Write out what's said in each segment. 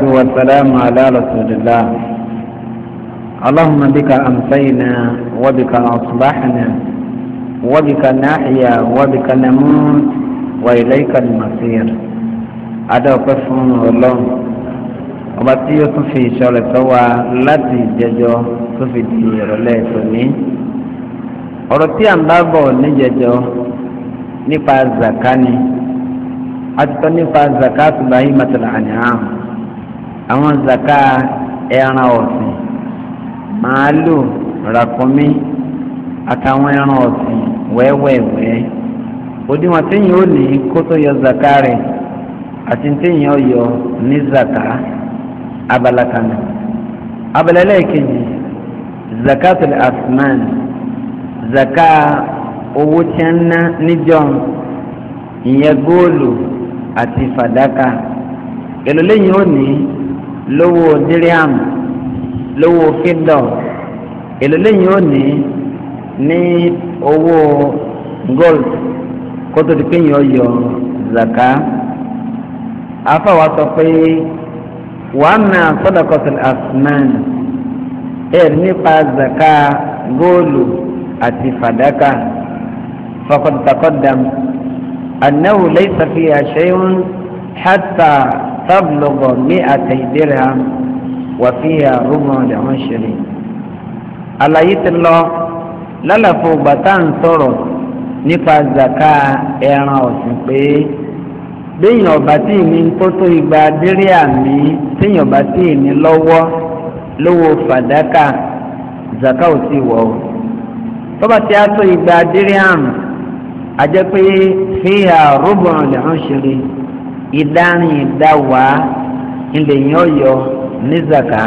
والسلام على رسول الله اللهم بك أمسينا وبك أصبحنا وبك نحيا وبك نموت وإليك المصير adọ́pẹ́ fún ọlọ́run ọba tí ó tún fi ìṣọ́ rẹ̀ sọ wa láti ìjẹjọ tó fi di ìrọ̀lẹ́ ìtòní ọ̀rọ̀ tí à ń bá bọ̀ níjẹjọ nípa zakani àtúntò nípa zakatu bahimatu al-an'am àwọn zaka ẹran ọ̀sìn màálù ràkúnmí àtàwọn ẹran ọ̀sìn wẹ́wẹ́wẹ́ òdiwọ̀n téèyàn ó ní kó tó yọ zaka rẹ̀ àti téèyàn ó yọ ní zaka abala kan abala lẹ́ẹ̀kejì zakatul asman zaka owó tí a ń ná níjọ́ ìyẹn góòlù àti fàdákà èlò lẹ́yìn ó ní lówó díríàmù lówó fídọ̀ èlò lẹ́yìn òní ní owó gold kótó ti kéyìn ọyọ zaka afáwa sọ pé wàá na sọdọkọsọ asnan ẹ nípa zaka góòlù àti fàdákà fọkọtàkọdàm anáwó lẹ́yìn sàfihàn ṣẹ́yìn hàtà. تبلغ مئتي درهم وفيها ربع العشر àlàyé ti lọ lálàfo gbàtà ń sọ̀rọ̀ nípa zaka ẹran ọ̀sìn pé béèyàn ọba tí ì ní tó tó igba adéré àmì téèyàn ọba tí ì ní lọ́wọ́ lówó fàdákà zaka ò ti wọ̀ ọ́ tọ́ba tí a tó igba adéré àmì àjẹpé fíhà rúbọ̀n lè hàn ṣeré ìdárin ìdáwàá ilẹ̀ yẹn ọ̀yọ́ ní zaka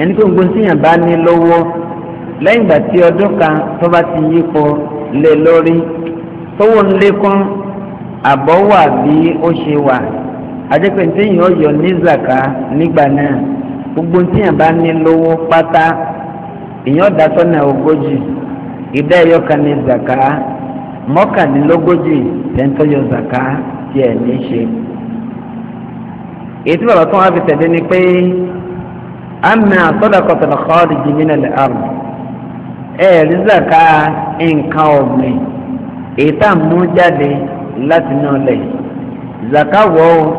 ẹni pé gbogbo tíyàn bá ní lọ́wọ́ lẹ́yìn ìgbà tí ọdún kan tó bá ti yípo lé lórí tówó ń lékún àbọ̀ wà bí ó ṣe wà àdẹ́pẹ̀ tíyàn ọ̀yọ́ ní zaka nígbà náà gbogbo tíyàn bá ní lọ́wọ́ pátá èèyàn dá sọ́nà ogójì ìdá ẹ̀yọ́ ní zaka mọ́kànlélógójì tẹ́ńtọ́yọ̀ zaka tiẹ̀ ní ṣe èyí tí bàbá tó wá fi tẹ̀lé ni pé àmì àtọ́dàkọ̀tàlà kọ́ọ̀dì jìnnà lè àrùn ẹ̀ẹ́dì zaka nǹkan ọ̀gbìn èyí tá à ń mú jáde láti náà lẹ̀ zaka wọ̀ ọ́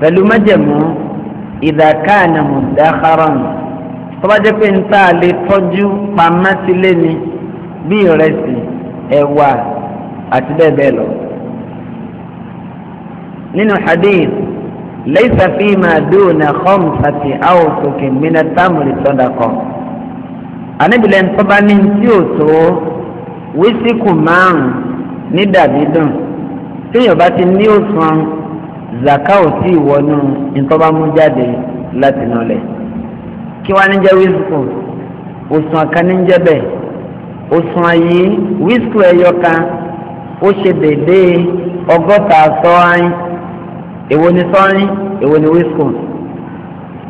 pẹ̀lú májẹ̀mú ìdàkánà mùdáhárán tó pé ń lè tọ́jú pamọ́ bí ìrẹsì ẹ̀wà àti bẹ́ẹ̀ bẹ́ẹ̀ lọ. nínú hadith laysa fima duna khamsati awsukin mina tamri sadaqa ànábìlẹ̀ ńsọ́ba ní tí ò tó wísíkù márùn ní dàbí dùn téèyàn bá ti ní òsàn zaka ò tí ì wọnú ńsọ́ba mú jáde láti nulẹ̀ kí wàá níjẹ́ wísíkù òsàn kan níjẹ́ bẹ́ẹ̀ òsàn yìí wísíkù ẹ̀yọ kan ó ṣe déédéé ọgọ́ta sọ́ọ́yìn. èwo ni sọ́rin èwo ni wiscon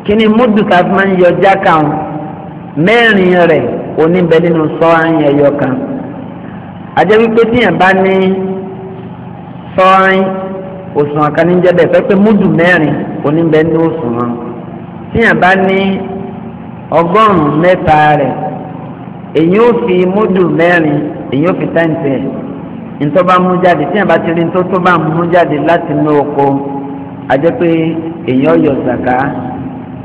kíni múdù tàbí máa ń yọ jáka wọn mẹ́rin rẹ̀ oníbẹ̀ nínú sọ́rin ẹ̀yọ kan ajẹ́ wípé tíyẹn bá ní sọ́rin òṣùwọ̀n kan ní jẹ́bẹ̀ fẹ́ pé múdù mẹ́rin oníbẹ̀ ní òṣùwọ̀n tíyẹn bá ní ọgọ́rùn-ún mẹ́ta rẹ̀ èyí ò fi múdù mẹ́rin èyí ò fi táǹtì ẹ̀ mú jáde tíyẹn bá ti rí ntọ́ tó bá mú jáde ajẹ́ pé èèyàn yọ zaka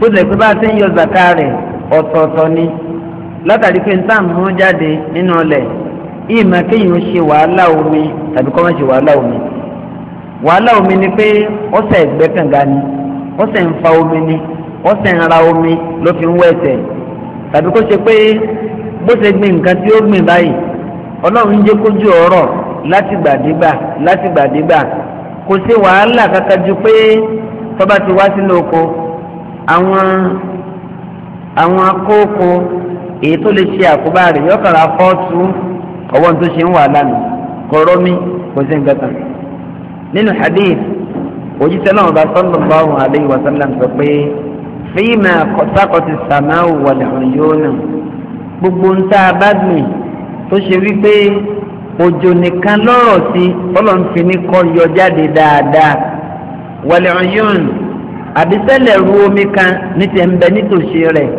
bó tilẹ̀ pé bá a ti ń yọ zaka rẹ̀ ọ̀tọ̀ọ̀tọ̀ ni látàrí pé nta mú jáde nínú ọlẹ̀ ìmọ̀ kéèyàn ṣe wàhálà omi tàbí kọ́ máa ṣe omi wàhálà omi ni pé ọ̀sẹ̀ ẹ̀gbẹ́ kànga ni ọ̀sẹ̀ ń omi ni ọ̀sẹ̀ ń omi ló fi ń wẹ̀ ẹ̀sẹ̀ tàbí kó ṣe pé bó ṣe gbin nǹkan tí ó gbìn báyìí ọlọ́run ń jẹ́ kójú ọ̀rọ̀ látìgbàdégbà kò sí wàhálà kankan ju pé tọ́ba ti wá sínú oko àwọn àwọn akóko èyí tó lè ṣe àkóbá rẹ̀ yọkàrà fọ́ọ̀tù ọwọ́ tó ṣe ń wà lánàá kò rọ́mí kò sí nǹkan kan nínú hadith òjíṣẹ́ náà bá sallallahu alayhi wa sallam sọ pé fíìmà sákọ̀tì sàmáwò wà lẹ́hìn yóò nà gbogbo ń tá a bá gbìn tó ṣe wípé òjò nìkan lọ́rọ̀ sí ọlọ́nfin ní kọ́ yọ jáde dáadáa wàlẹ̀ ọ̀yọ́n àbísẹ́lẹ̀ ru omi kan ní ti ń bẹ nítòsí rẹ̀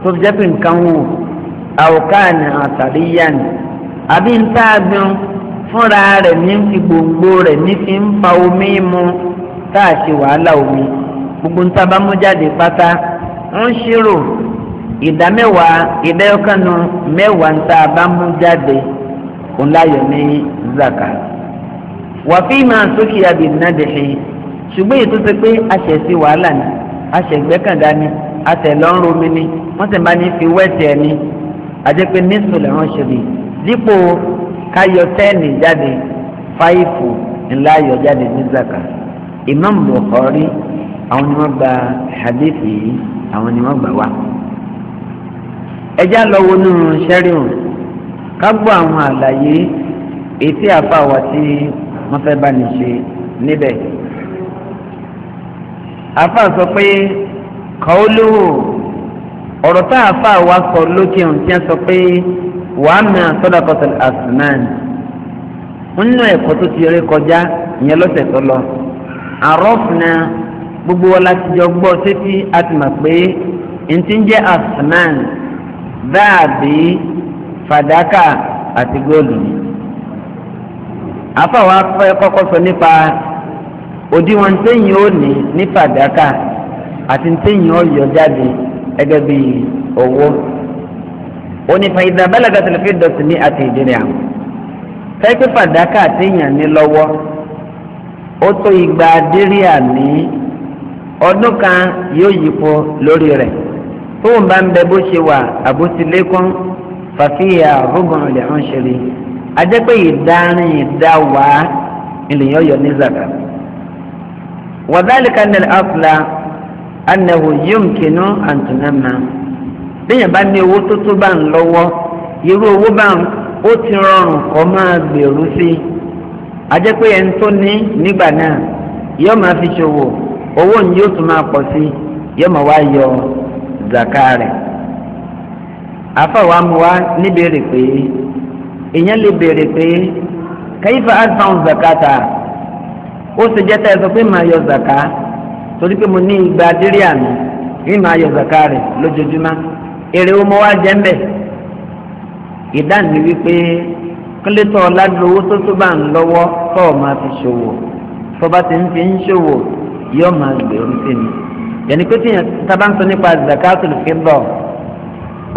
tó fi jẹ́ pé nǹkan wò àwòkáàní àtàríyàn àbí ń tá a gbin fúnra rẹ̀ ní fi gbòǹgbò rẹ̀ ní fi ń fa omi mu tá a ṣe wàhálà omi gbogbo ń tábà mú jáde pátá ń ṣírò ìdá mẹ́wàá ìdá mẹ́wàá ń mú jáde. òun láyọ̀ ní zaka wàfíì máa sókè àbí nàdìhì ṣùgbọ́n èyí tó ṣe pé aṣẹ̀sí wàhálà ni aṣẹ̀gbẹ́kànga ni atẹ̀lọ́rùn omi ni wọ́n sì máa ní fi wẹ́ẹ̀tì ẹ̀ ni àjẹpẹ́ nísò lẹ́rán ṣe rí dípò káyọ tẹ́ẹ̀nì jáde fáìfù ńlá yọ jáde ní zaka Imam Bukhari àwọn ni wọ́n gba hadithi yìí àwọn ni wọ́n gbà wá ẹjá lọ wọnú sẹ́ríhùn ká gbọ́ àwọn àlàyé ètí àfàwà tí wọ́n fẹ́ bá ní ṣe níbẹ̀. àfà sọ pé kọ́ọ́lówó ọ̀rọ̀ tá àfà wa sọ lókè ohun tí wọ́n sọ pé wàá mìíràn sọ́dọ̀ kọ́tà àsùnmáàn nínú ẹ̀kọ́ tó ti rí kọjá ìyẹn lọ́sẹ̀ tó lọ àrọ́fìnà gbogbo wa láti jọ gbọ́ sétí àti mọ̀ pé ntí ń jẹ́ àsùnmáàn dáàbí. fàdákà àti góòlù ni. àfàwọn afẹ́ kọ́kọ́ sọ nípa òdiwọ̀n téèyàn ó ní fàdákà àti téèyàn ó jáde gẹ́gẹ́ bí owó. onífà ìdàbẹ́lẹ́gà tẹlifí dọ̀tí ní àti ìdílé àwọn. kẹ́kẹ́ fàdákà téèyàn ní lọ́wọ́ ó tó igba díríà ní ọdún kan yóò yípo lórí rẹ̀ tóun bá ń bẹ bó ṣe wà fàfíà rúbùn lè ń ṣeré ajẹ́pẹ́ ìdárin ìdáwà ènìyàn yọ ní zaka. wàdálì kanil afla anahu yomkinu antunama bẹ́ẹ̀ bá ní owó tó tó bá ń lọ́wọ́ irú owó bá ń ó ti rọrùn kọ́ máa gbèrú sí i ajẹ́pẹ́ ẹni tó ní nígbà náà yóò máa fi ṣòwò owó ni yóò tún máa pọ̀ sí máa wá yọ afọwọ́ amúwá níbèrè pé èèyàn lè béèrè pé kẹ́yìfà advan zakata ó sì jẹ́ tá ẹ sọ pé màá yọ zaka torí pé mo ní igba dírí àná ní màá yọ zaka rẹ̀ lójoojúmọ́ èrè ọmọ wa jẹ́ ń ìdáhùn ni wípé kílítọ̀ ládùúgbò owó tó tó bá ń lọ́wọ́ tó o máa fi ṣòwò fọba tí ń fi ń ṣòwò yóò máa gbèrú sí mi yẹnni pé tí tábà ń sọ nípa zakatul fidda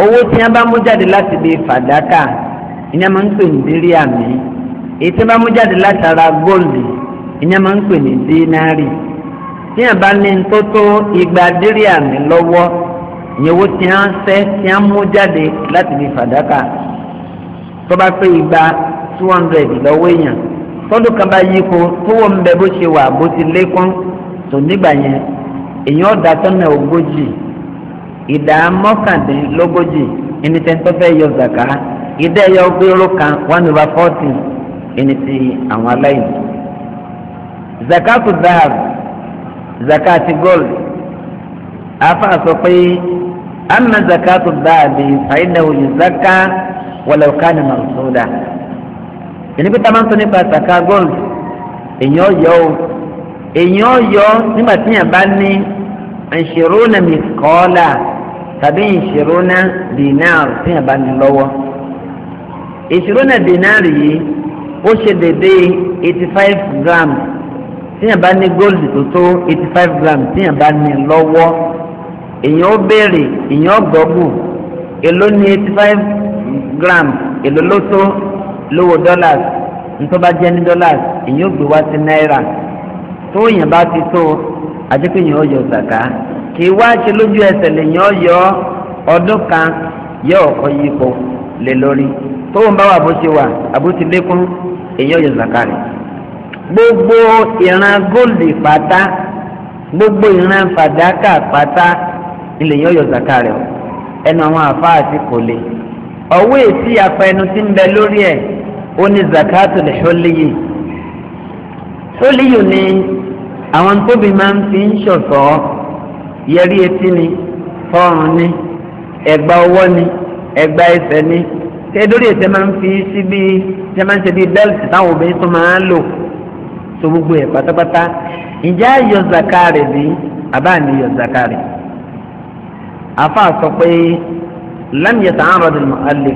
owó tí wọ́n bá mú jáde láti bíi fàdákà ìyẹn máa ń pè ní dírí àmì èyí tí wọ́n bá mú jáde látara góòlù ìyẹn máa ń pè ní dínárì tí wọ́n bá ní tó igba dírí àmì lọ́wọ́ ìyẹn owó tí wọ́n fẹ́ tí wọ́n mú jáde láti bíi fàdákà tó bá pé igba two hundred lọ́wọ́ èèyàn tọ́dún kan bá yípo tówó ń bẹ bó ṣe wà bó ti lékún tó nígbà yẹn èèyàn ọ̀dà tọ́nà ogójì ìdá mọ́kàndínlógójì ẹni tẹ́ ń tọ́ fẹ́ yọ zaka ìdá ẹ̀yọ gbéró kan one over fourteen ẹni tí àwọn aláìní. zakatu zaka zakati gold afa sọ pé ama zakatu dahabi fàyínàwó yìí zaka wàlẹ̀ òkànnì màsúdà. ẹni pé tamantó nípa zaka gold èyàn yọ èyàn yọ nígbà tí yàn bá ní ìṣirúnà mìkọ́là tàbí ìṣirúnà dínárì tí a bá ní lọ́wọ́ ìṣirúnà dínárì yìí ó ṣe dédé eighty five grams tí a bá ní góòlù tó tó eighty five grams tí a bá ní lọ́wọ́ èèyàn ó béèrè èèyàn ó èló ní eighty five grams èló ló tó lówó dollars ntọ́ba jẹ́ ní dollars èèyàn ó gbé wá sí náírà tó yẹn bá ti tó àjẹpẹ́ yẹn ọyọ zaka kì í wá ṣe lójú ẹsẹ̀ lèyìn ọyọ ọdún kan yẹ ọkọ yípo lè lórí tóun bá wà bó ṣe wà àbútí lékún èyí ọyọ zaka rẹ̀ gbogbo ìran góòlì pátá gbogbo ìran fàdákà pátá ilẹ̀ yẹn ọyọ zaka rẹ̀ ẹnu àwọn àfa kò lè ọwọ́ èsì àfẹnu ti ń bẹ lórí ẹ̀ ó ní zakatul hulliyi hulliyi ni àwọn tóbi máa ń fi ń ṣọ̀tọ̀ yẹrí etí ni fọ́ọ̀rùn ni ẹ̀gbà ọwọ́ ni ẹ̀gbà ẹsẹ̀ ni tẹ́dórí ẹ̀sẹ̀ máa ń fi sí bí ẹ̀sẹ̀ máa ń ṣe bí bẹ́ẹ̀lì táwọn obìnrin tó máa ń lò so gbogbo ẹ̀ pátápátá ìjà yọ zaka bí àbá ni yọ zaka afa sọ pé lámìyẹsà ń rọdùn mọ́àlè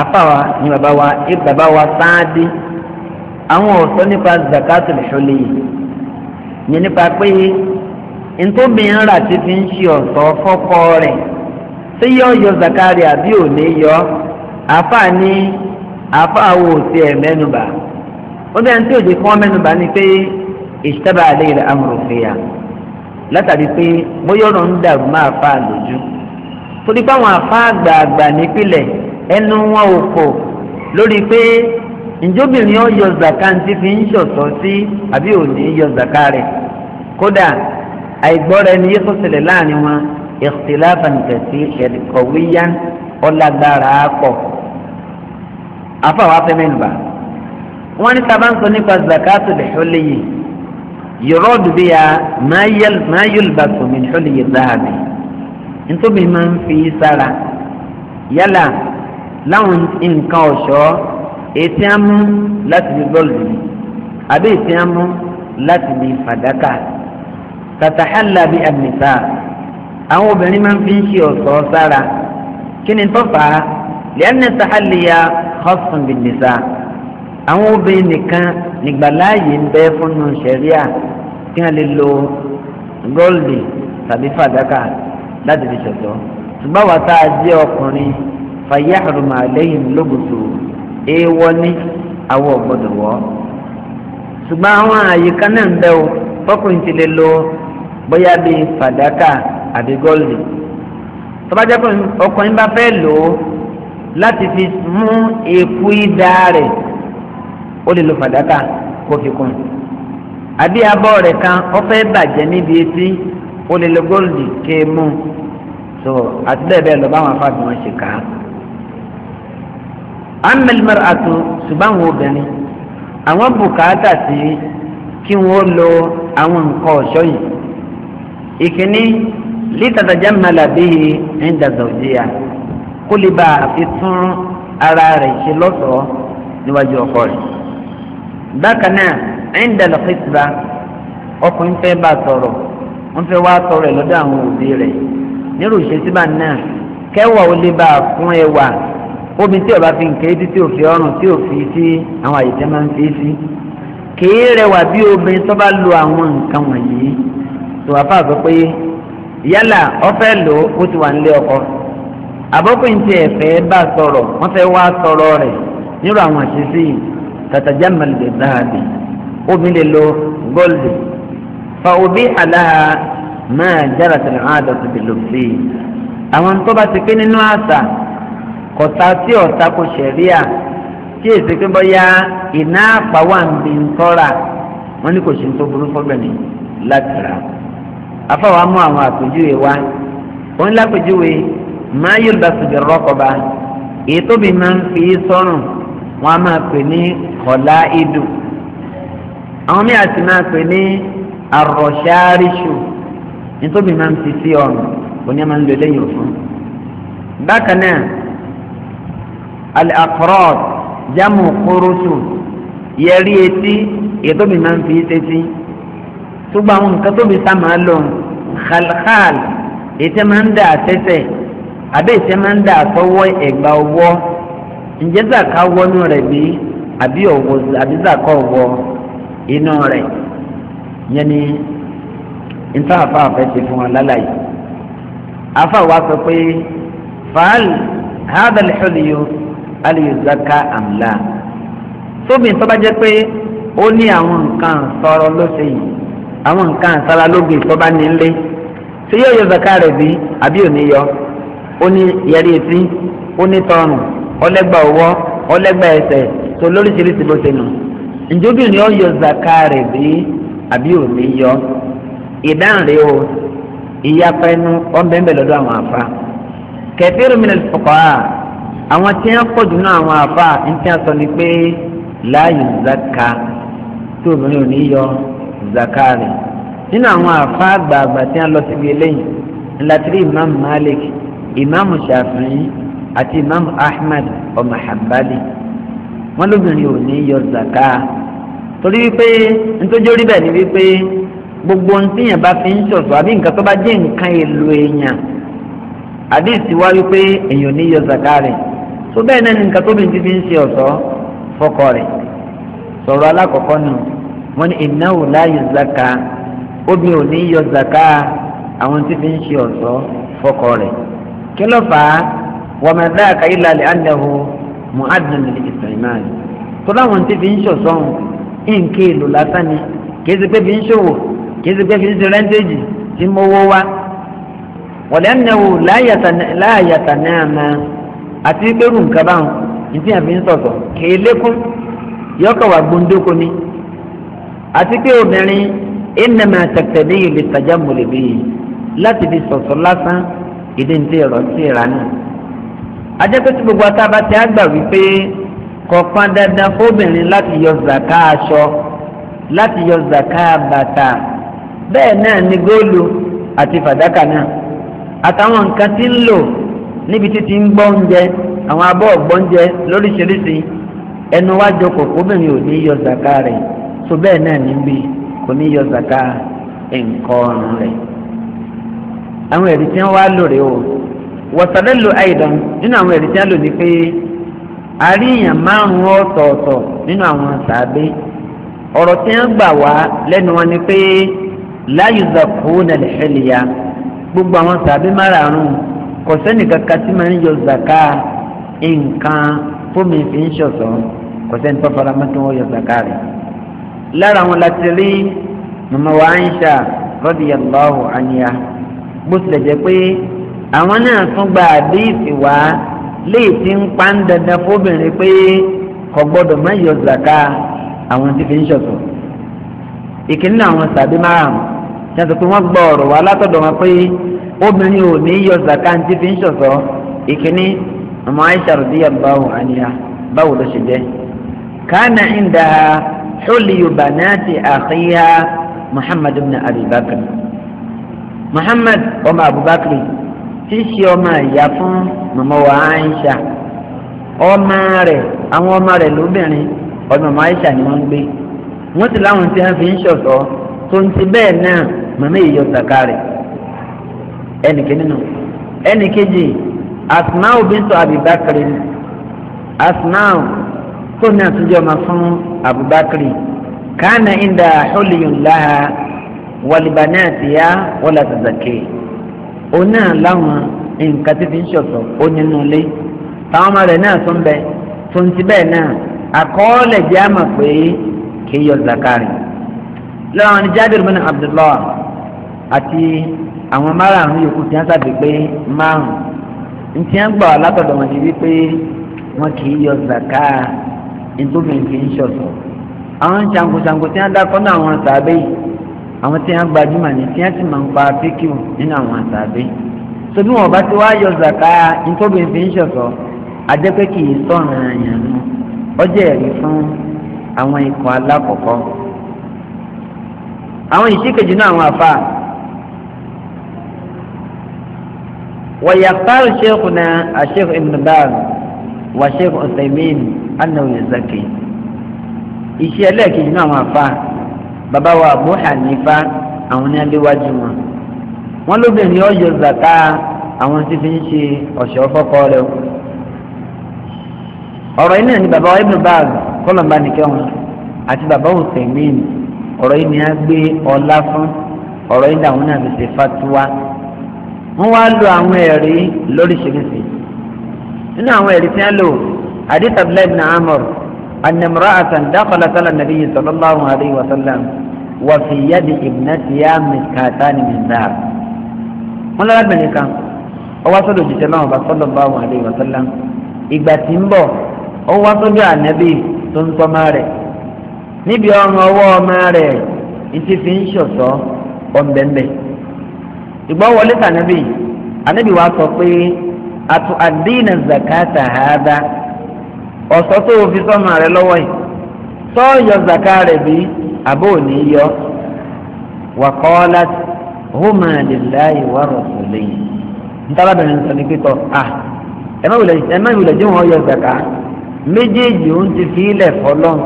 afa wa ni bàbá wa ẹ bàbá wa sáádé àwọn ọ̀sọ́ nípa zakatul huliyyi yẹn nípa pé ntòmíín rà ti fi ń ṣe ọ̀sọ́ fọ́kọ́ rẹ̀ ṣé yọ yọ zakari àbí ò ní yọ àáfàá ní àáfàá wo ti ẹ̀ mẹ́nuba ó bẹ́ẹ̀ tí òjì kan mẹ́nuba ni pé ìṣẹ́bà àlẹ́ ìlà amòròfìyà látàrí pé bóyá ọ̀rọ̀ ń dàrú máa fa lójú torí pé àwọn àfa àgbààgbà nípìnlẹ̀ ẹnu wọn ò kò lórí pé ǹjọ́bìnrin ó yọ zaka ntí fi ń ṣọ̀tọ̀ sí àbí ò ní yọ zaka rẹ̀ kódà àìgbọ́ra ẹni yóò ṣẹlẹ̀ láàrin wọn ikhtilafan kathiran qawiyyan ọlágbára pọ̀ afáwọn afẹ́mẹ́nuba wọ́n ní sábà ń sọ nípa zakatul huliyyi yuradu biha ma yulbasu min huliyyi dhahabi ntòbí máa ń fi sára yálà láwọn nǹkan ọ̀ṣọ́ ètí á mú láti bí bọ́ọ̀lù yìí àbí ètí á mú láti bí fàdákà tàtàhálà bí àmìta àwọn obìnrin máa ń fi ń ṣe ọ̀ṣọ́ sára kí ni tó fà á lẹ́yìn tàhálìyà hosùn bí nìsa àwọn obìnrin nìkan nígbàláàyè ń bẹ fún un ṣẹ̀ríà kí wọ́n lè lo góòlì tàbí fàdákà láti fi ṣọ̀tọ̀ ṣùgbọ́n wàá tá a jẹ́ ọkùnrin fàyà àrùmọ̀ àlẹ́yìn lóbùsùn èèwọ̀ ni àwọn ọ̀gbọ́dọ̀ wọ̀ ṣùgbọ́n àwọn àyíká náà ń bẹ́ o fọkùnrin ti lè lo bóyá bíi fàdákà àbí gọ́ọ̀lì tọ́bajẹ́ pé ọkùnrin bá fẹ́ lò ó láti fi mú èkú ìdá rẹ̀ ó lè lo fàdákà kó fi kún un àbí abọ́ rẹ̀ kan ó fẹ́ bàjẹ́ níbi etí ó lè lo gọ́ọ̀lì kéémù so àti bẹ́ẹ̀ bẹ́ẹ̀ lọ báwọn afáàbí wọn ṣe kà á amẹ́lìmẹ́rì àtún ṣùgbọ́n àwọn obìnrin àwọn bùkátà sí kí wọ́n lo àwọn nǹkan ọ̀ṣọ́ yìí ìkíní lítàtàjà màlàbí ẹ̀ńdàzọ̀jìyà kó lè bá àfitún ara rẹ̀ ṣe lọ́sọ̀ọ́ níwájú ọkọ rẹ̀ bákan náà ẹ̀ńdàlọ́kìtìbá ọkùnrin fẹ́ bá sọ̀rọ̀ wọ́n fẹ́ wá sọ̀rọ̀ ẹ̀ lọ́dọ̀ àwọn òbí rẹ̀ nírú ìṣesí náà kẹwàá ó lè bá fún ẹwà omi tí ọba fi nǹkan etí tí ò fi ọrùn tí ò fi sí àwọn àyè tí máa ń fi sí kìí rẹwà bí obìnrin tó bá lo àwọn nǹkan wọ̀nyí tó wà fáà sọ pé yálà ọfẹ́ lò ó ti wà nílé ọkọ àbọ̀pìn tí ẹ̀ fẹ́ bá sọ̀rọ̀ wọ́n fẹ́ wá sọ̀rọ̀ rẹ̀ nírú àwọn àṣìṣe tàtàjà màlúbẹ̀ dáàbì obìnrin lè lo gold fa òbí àláha máa jára tẹ̀lé àádọ́tò bìlọ̀ sí àwọn tó bá ti pé nínú àṣà kọ̀tà tí ọ̀tà kò ṣẹ̀ríà tí èsì pé bọ́yá iná àpáwà ń bi ń tọ́ra wọn ní kò sí tó burú fọ́bẹ̀nì láti rà afáwa mú àwọn àpèjúwe wa òun lápèjúwe máa yóò lọ síbi rọ́kọ̀ba èyí tóbi máa ń fi sọ́rùn wọn a máa pè ní kọ̀lá idù àwọn míì àti máa pè ní àròṣáríṣù nítorí máa ń fi sí ọrùn òní a máa ń lo eléyìí fún bákan náà al-aqrad jamu kúrúsù yẹrí etí ètòbí máa ń fi tẹ́tí ṣùgbọ́n àwọn nǹkan tóbi sá máa lò khalkhal ètè máa ń dà tẹ́tẹ̀ àbẹ́ ètè máa ń dà sọ́wọ́ ẹ̀gbà ọwọ́ ǹjẹ́ zàká wọnú rẹ̀ bí àbí ọ̀wọ́ àbí zàká ọ̀wọ́ inú rẹ̀ yẹn ni nta afa afẹ ti fún wa lálàyé afa wa sọ pé fàál hàdàlẹ́ xọ́lìyó aliyuzaka amla sóbìn tó bá jẹ́ pé ó ní àwọn nǹkan sọ̀rọ̀ lọ́sẹ̀ yìí àwọn nǹkan sára lóge tó bá ní nlé ṣé yóò yọ zaka rẹ̀ bí àbí òní yọ ó ní yẹrí etí ó ní tọrùn ọlẹ́gbà ọwọ́ ọlẹ́gbà ẹsẹ̀ tó lóríṣiríṣi bó ṣe nù ǹjọ́bì ni ó yọ zaka rẹ̀ bí àbí òní yọ ìdáhùn rẹ̀ o ìyapa ẹnu ọ̀nbẹ́ńbẹ́ lọ́dọ̀ àwọn afa kẹfìrì mi lè fọkọ̀ á àwọn tí wọ́n pọ̀ jù náà àwọn àbá ntí wọ́n sọ ni pé láàyè zaka tí obìnrin ò ní yọ zaka rẹ̀ nínú àwọn àfa àgbààgbà tí wọ́n lọ síbi eléyìí ńlátìrí imam malik imam shafi'i àti imam ahmed ọmọ hanbali wọ́n lóbìnrin ò ní yọ zaka torí wípé ntójó rí bẹ́ẹ̀ ni wípé gbogbo ntíyàn bá fi ń ṣọ̀ṣọ́ àbí nǹkan tó bá jẹ́ nǹkan èlò èèyàn àdéhùn ti wípé èèyàn ò ní yọ zaka rẹ̀ tó bẹ́ẹ̀ náà ní nǹkan tóbi ti fi ń ṣe ọ̀ṣọ́ fọkọ rẹ̀ sọ̀rọ̀ alákọ̀ọ́kọ́ nù wọ́n ní ìnáwó láàyè zaka omi ò ní yọ zaka àwọn tí fi ń ṣe ọ̀ṣọ́ fọkọ rẹ̀ kí ló fà á wọ́n máa dá àkàyè lálẹ́ àdáhùn mu'adnan lil istimali tó láwọn tí fi ń ṣọ̀ṣọ́ nǹkan èlò lásán ni kì í ṣe pé fi ń ṣòwò kì í ṣe pé fi ń ṣe rẹ́ńtéèjì tí mowó wá wọ̀lẹ́ ànáwó láàyè àtànáàmà àti gbẹrù nǹkan báwọn ntí àfi ń sọ̀tọ̀ kèé lékún yọkọ̀ wà gbóńdókò ni àti pé obìnrin ìnàmà tẹ̀tẹ̀lé yìí lè tajà mọ̀lẹ́bí yìí láti fi sọ̀tọ̀ lásán ìdí ntí ẹ̀rọ tí ìrà nù. ajẹ́pẹ́tì gbogbo atába ti a gbà wípé kò pọn dandan fóbìnrin láti yọ zàká aṣọ láti yọ zàká bàtà bẹ́ẹ̀ náà ni góòlù àti fàdákà náà àtàwọn nǹkan tí ń lò níbi títí ń gbọ́ oúnjẹ àwọn abọ́ ọ̀gbọ́njẹ lóríṣiríṣi ẹnu wá jókòó obìnrin ò ní yọ zaka rẹ̀ tó bẹ́ẹ̀ náà níbi kò ní yọ zaka nǹkan rẹ̀. àwọn ẹ̀rí tí wọ́n wá o wọ̀sàdẹ́lò àìdán nínú àwọn ẹ̀rí tí wọ́n lò ní pé àríyàn márùn-ún ọ̀tọ̀ọ̀tọ̀ nínú àwọn sàábé ọ̀rọ̀ tí wọ́n gbà wá lẹ́nu wọn ni pé láyùzà gbogbo àwọn sàábé márùn-ún kò kaka kankan tí màá ń yọ zaka nǹkan fómi fi ń ṣọ̀ṣọ́ kò sẹ́ni tó fara mọ́ tí wọ́n yọ zaka rẹ̀ lára wọn láti rí màmá wa Aisha radiyallahu anha bó tilẹ̀ jẹ́ pé àwọn náà tún gba àdéhìsì wá léè tí ń pa ń dandan fóbìnrin pé kò gbọ́dọ̀ má yọ zaka àwọn tí fi ń ṣọ̀ṣọ́ ìkíní àwọn sàbí márùn-ún yàtọ̀ pé wọ́n gbọ́ ọ̀rọ̀ wá látọ̀dọ̀ wọn pé obìnrin ò ní yọ zakanti fi ń ṣọ̀ṣọ́ ìkíní ọmọ Aisha radiyallahu anha báwo ló ṣe jẹ́ kánà ìndà xoliyu banati akhiha Muhammad ibn Abubakar Muhammad ọmọ Abubakar tí í ṣe ọmọ ìyá fún màmá wa Aisha ọmọ rẹ̀ àwọn ọmọ rẹ̀ lóbìnrin ọmọ Aisha ni wọ́n gbé wọ́n ti láwọn tí wọ́n fi ń ṣọ̀ṣọ́ tó bẹ́ẹ̀ náà màmá èyọ zakari ẹnìkejì nù ẹnìkejì asinaw bintu abibakari asinaw tó ní àtúnjẹ ọmọ fún abubakari kánà ìdá xoliyun láha wàlìbánà tìyà wọlé àtàzàkè òun náà láwọn nǹkan tí fi ń ṣọ̀tọ̀ ó nínú ilé táwọn ọmọ rẹ̀ náà tún bẹ tó ń ti bẹ́ẹ̀ náà àkọọ́lẹ̀ jẹ́ àmọ̀ pé kì í yọ zakari lọ́wọ́n jáde rẹ̀ mọ́nà abdullahi. àti àwọn márààrún yòókù tí wọ́n sábẹ́ pé márùn ntí wọ́n gbà látọ̀dọ̀ wọn ni wípé wọn kì í yọ zaka ntòmìn kì í ṣọ̀tọ̀ àwọn ṣàǹkóṣàǹkó tí wọ́n dákọ́ náà àwọn sàbẹ́ yìí àwọn tí wọ́n gbajúmọ̀ ní tí máa ń pa píkìù nínú àwọn sọdún wọn bá ti wá yọ zaka ntòmìn kì í ṣọ̀tọ̀ adẹ́pẹ́ kì í fún àwọn àwọn náà àwọn ويختار شيخنا الشيخ ابن باز والشيخ عثيمين أنه يزكي iṣẹ́ ẹlẹ́ẹ̀kejì náà máa fa bàbá wa Abu Hanifa àwọn ní aléwájú wọn wọn lóbìnrin ọyọ zaka àwọn tí fi ń ṣe ọ̀ṣọ́ fọ́kọ rẹ̀ ọ̀rọ̀ yìí náà ni bàbá wa Ibn Baz kọ́lọ̀mbà nìkẹ́ àti bàbá Uthaymin ọ̀rọ̀ yìí ni a gbé ọlá fún ọ̀rọ̀ yìí làwọn náà fi ṣe fatuwa wọ́n wá lo àwọn ẹ̀rí lóríṣiríṣi nínú àwọn ẹ̀rí tí wọ́n lò hadith Abdullah ibn Amr anna imra'atan dakhalat ala nabiyyi sallallahu alayhi wa sallam wa fi yadi ibnatiha miskatani min dhahab wọ́n lọ́la bẹ̀rẹ̀ kan ọwọ́ sọ́dọ̀ òjijì náà ọba sallallahu alayhi wa sallam ìgbà tí ń bọ̀ ọwọ́ sọ́dọ̀ ànábì tó ń tọ́ máa rẹ̀ níbi ọrùn ọwọ́ ọmọ rẹ̀ ìtì fi ń ṣọ̀ṣọ́ ọ̀nbẹ̀ńbẹ̀ ṣùgbọ́n wọlé sànẹ́bì ànẹ́bì wa sọ pé àtò àdínà zakata hada ọ̀sọ́ tó o fi sọ́mọ rẹ lọ́wọ́ yìí sọ́ọ̀yọ̀ zaka rẹ̀ bí àbó òní yọ wàkọ́ọ́lá hùmà lìláyì wà rọ̀sùlẹ̀yìn ntàlábìnrin sọ ní pípọ̀ à ẹ má wulẹ̀ jẹ́ wọn yọ zaka méjèèjì òun ti fi ilẹ̀ fọlọ́n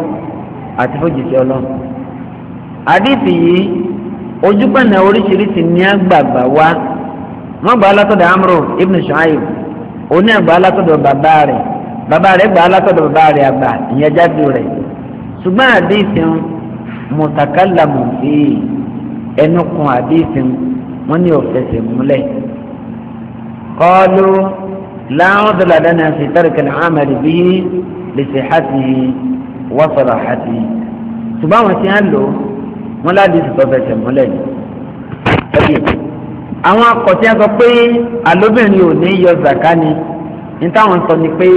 àti fojìṣẹ́ ọlọ́n àdìsí yìí ojúpẹ̀nà oríṣiríṣi ní agbàgbà wa wọ́n gbà látọ̀dọ̀ amro ibn shuaib oní àgbà látọ̀dọ̀ bàbá rẹ̀ bàbá rẹ̀ gbà látọ̀dọ̀ bàbá rẹ̀ àgbà ìyẹn jáde rẹ̀ ṣùgbọ́n àdéhìsìn mùtàkàlàmù fi ẹnu kun àdéhìsìn wọn ní òfẹsẹ̀ múlẹ̀ kọ́ọ́lù láwọn dọ̀là dáná sí tẹ́rẹ̀kẹ̀lẹ̀ àmàlì bíi lè ṣe hàtì wọ́sọ̀rọ̀ hàtì ṣùgbọ́n àwọn tí wọ́n lò ó wọn láti sọ fẹsẹ̀ múlẹ̀ ni. àwọn akọ̀tí sọ pé alóbìnrin ò ní yọ zaka ni ní táwọn sọ ni pé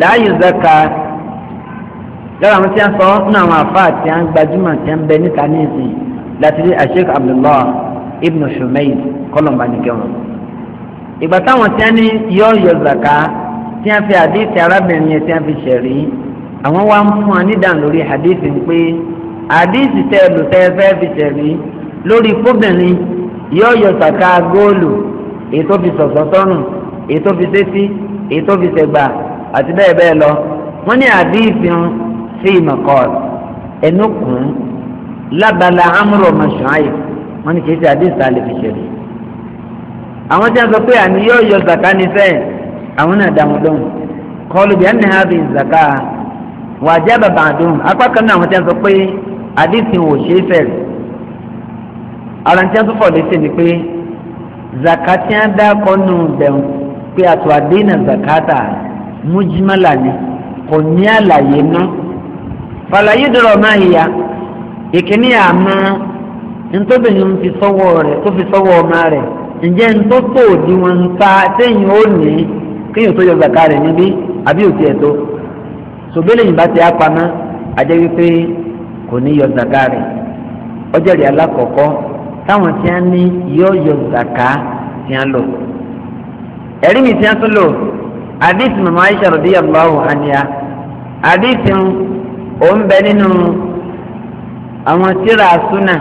láàyò zaka lára àwọn tí a sọ nínú àwọn àfáà tí a ń tí a ń bẹ níta ní ìsìn láti rí asheik Abdullah ibn kọlọmba nìkẹwọn. ìgbà táwọn tí ní yọ zaka tí fi arábìnrin yẹn tí fi ṣẹ̀rí àwọn wa ń fún wa nídàn lórí àdìsí tẹ́lù tẹ́fẹ́ fi tẹ̀lé lórí kóbìnrin yóò yọ sàká góòlù ètò fi sọ̀sọ̀ sọ́rùn ètò fi sétí ètò fi sẹ̀gbà àti bẹ́ẹ̀ bẹ́ẹ̀ lọ wọ́n ní àdìsí ń fi mọ̀kọ́t ẹnu kùn lábala amúrò mọ̀ṣáì wọ́n ní kìí ṣe àdìsí tá a lè fi ṣẹ̀lé. àwọn tí wọ́n sọ pé àní yóò yọ sàká ní sẹ́ẹ̀ àwọn náà dá wọn kọlu bí ẹni ha bí zaka wàjẹ́ bàbá àdóhùn apá kan náà àwọn tí wọ́n sọ pé àdìsí wò ṣe é fẹ̀rẹ̀ tí ni pé zakati dákọ nù bẹ̀rù pé àtò zakata mújímọ́là ni kò ní àlàyé ná fàlàyé dọ̀rọ̀ máa yíya ìkíní ma ntọ́bìnrin fi sọ́wọ́ rẹ̀ tó fi sọwọ ọmọ rẹ ǹjẹ́ ntọ́tò nta téèyàn ó ní kéèyàn tó yọ níbí àbí òtí tó bá ti kò ní yọ zaka rẹ̀ ọjọ́rì alákọ̀ọ́kọ́ táwọn tí wọ́n ní yọ yọ zaka tí wọ́n lò ẹ̀rí mi tí wọ́n tún lò àdìsí màmá Aisha radiyallahu anha àdìsí òun bẹ nínú àwọn tíra súnà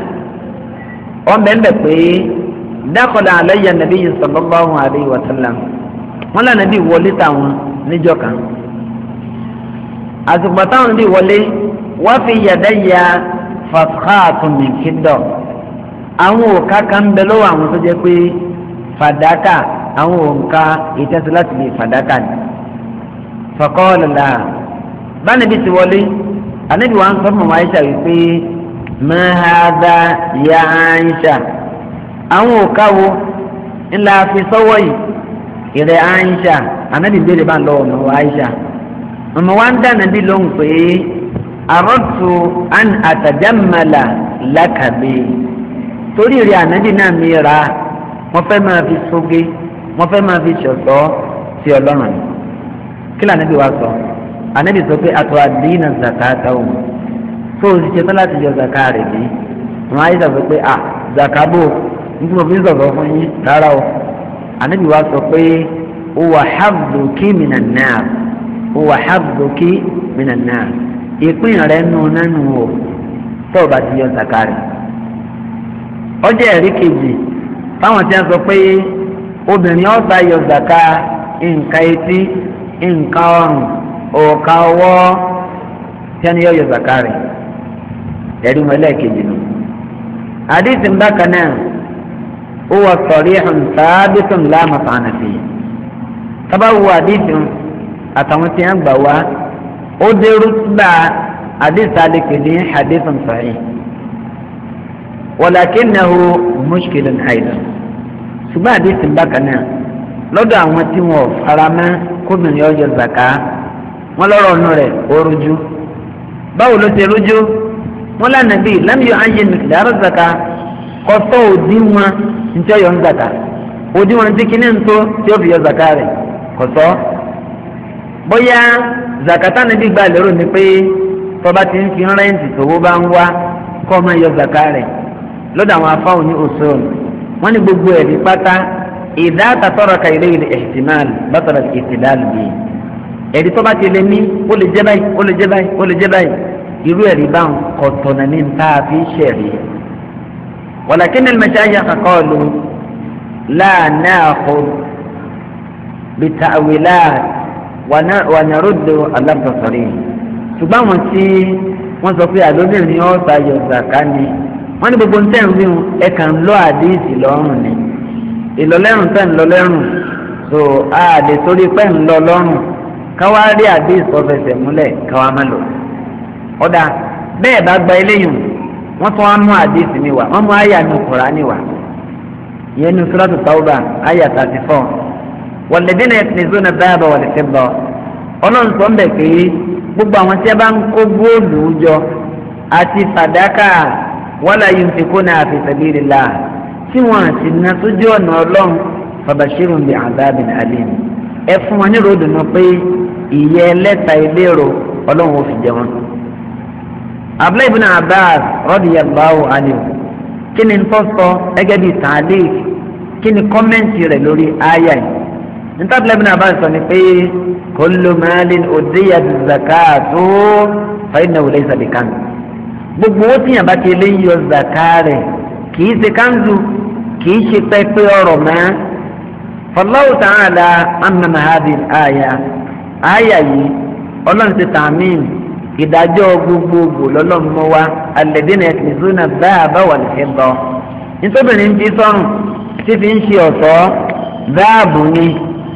wọ́n bẹ̀ ń bẹ̀ pé dákọ̀dá aláyà nàbí yìí sallallahu alayhi wa sallam wọn là nàbí wọlé táwọn níjọ kan àsìkò táwọn nàbí wọlé wọ́n fi yàdá ya fàfáàtún ní kíndọ̀ àwọn òǹkà kan ń bẹ lọ́wọ́ àwọn tó jẹ́ pé fàdákà àwọn òǹkà ìtẹ́sí láti lè fàdákà ni. fọkọ́ọ̀lọ́lá bánibí ti wọlé ànábì wa ń sọ mọ̀mọ́ àyíṣà wípé mahada ya àyíṣà àwọn òǹkà wo ńlá fi sọ́wọ́ yìí ìrẹ̀ àyíṣà ànábì béèrè bá ń lọ́wọ́ mọ̀mọ́ àyíṣà mọ̀mọ́ wa ń dànà bí lóhùn pé àrọ́tù an àtàjámàlà lákàbí torí rí ànábì náà mi ra wọ́n fẹ́ máa fi sóge wọ́n fẹ́ máa fi ṣọ̀ṣọ́ sí ọlọ́run ni kí lànàbì wa sọ ànábì sọ pé àtọ̀ àdínà zakata o tó o sì ṣe tán láti yọ zaka rẹ̀ bí wọ́n á yí sọ pé à zakabo nítorí mo fi ń fún yín rárá o ànábì wa sọ pé ó wà hábùdókì mìnà ìpín rẹ̀ nù nánu o tó o bá ti yọ zakari ọjọ́ kejì táwọn ti ń sọ pé obìnrin ọba yọ zaka nǹkan etí nǹkan ọrùn òòkà ọwọ́ tí wọ́n yọ yọ zakari ẹ̀rí wọn lẹ́ẹ̀kejì nù àdìsí ń bákan náà ó sọ̀rí láàmú fàánà sí i wo àdìsí àtàwọn ó dé rútúbà àdìsá àdìkèlè àdìsàn sahih walakinnahu mushkilun àìdá ṣùgbọ́n àdìsí bákan náà lọ́dọ̀ àwọn tí wọ́n fara mọ́ ọjọ́ zaka wọ́n lọ́rọ̀ ọ̀nù rẹ̀ ó rújú báwo ló ti rújú wọ́n lànà bíi lámìyọ ayé mìkìdára zaka kọ́tọ́ òdiwọ̀n ntí ọ̀yọ́ ń zaka òdiwọ̀n ti kíní ntó tí ó fi yọ zaka rẹ̀ zakata níbi gba lérò ni pé tọ́ba ti ń fi rẹ́ǹtì tówó bá ń wá kọ́ máa yọ zaka rẹ̀ lọ́dọ̀ àwọn afáwọn ní òṣòro wọ́n ní gbogbo ẹ̀rí pátá ìdá àtàtọ́rọ̀ ka ilé ìdí ẹ̀tìmáàlì bàtàrà ìtìláàlì bíi ẹ̀rí tọ́ba ti lè ní ó lè jẹ́ báyìí ó lè jẹ́ báyìí ó lè jẹ́ báyìí irú ẹ̀rí bá ń kọ̀tọ̀ nà ní ta fi ṣẹ̀rí. wàlàkínní mẹ́ṣáyà kàkọ́ lu láàánú àkọ́ bìtàwé wànàròdò alábọ̀sọ̀rẹ́ yìí ṣùgbọ́n àwọn tí wọ́n sọ pé àlóbìnrin ọ̀ tayọ̀ zàká ni wọ́n ní gbogbo ntẹ́ ń rí wọn ẹ kàn ń lọ àdéhìsì lọ́rùn ni ìlọlẹ́rùn tẹ́ ń lọ lẹ́rùn so a lè torí pẹ́ ń lọ lọ́rùn káwá rí àdéhìsì ọ̀fẹsẹ̀ múlẹ̀ káwá má lọ. ọ̀dà bẹ́ẹ̀ bá gba eléyìí wọ́n tún wá mú àdéhìsì mi wá wọ́n mú àyà mi Kùránì wá ìyẹn ní Suratu Tawbah wọ̀lẹ́dínà ẹ̀sìnìzónà báàbà wọ̀lẹ́ fẹ́ bọ̀ ọlọ́run sọ ń bẹ̀ pé gbogbo àwọn tí a bá ń kó góòlù jọ àti fàdákà wàlà yìí ń fi kó náà fi sabilillah tí wọn àti iná sójú ọ̀nà ọlọ́run fàbàṣírùn bí àdábìn alim ẹ fún wọn nírò dùnú pé ìyẹ́ ẹlẹ́ta ìlérò ọlọ́run ò fi jẹ wọn. abdullahi ibn abbas radiyallahu anhu kí ni tó sọ gẹ́gẹ́ bíi tàlík kí ni kọ́mẹ́ǹtì rẹ̀ lórí ááyà nítorí lẹ́bìnrin àbá sọ ni pé kullu malin òdìyà zakatu fàyínà òlẹ̀ ìsàlẹ̀ kan gbogbo owó tíyàn bá ti lè yọ zaka rẹ̀ kìí ṣe kanzu kìí ṣe pẹpẹ ọrọ̀ mọ́ Fallahu ta'ala amẹ́mẹ́ hadi àyà àyà yìí ọlọ́run ti tààmì ìdájọ́ gbogbogbò lọ́lọ́run wa alẹ́dínà ẹ̀sìnzúnà dáàbà wà lè bọ́ nítorí ní ti sọ́run tí fi ń ṣe ọ̀ṣọ́ dáàbò ni.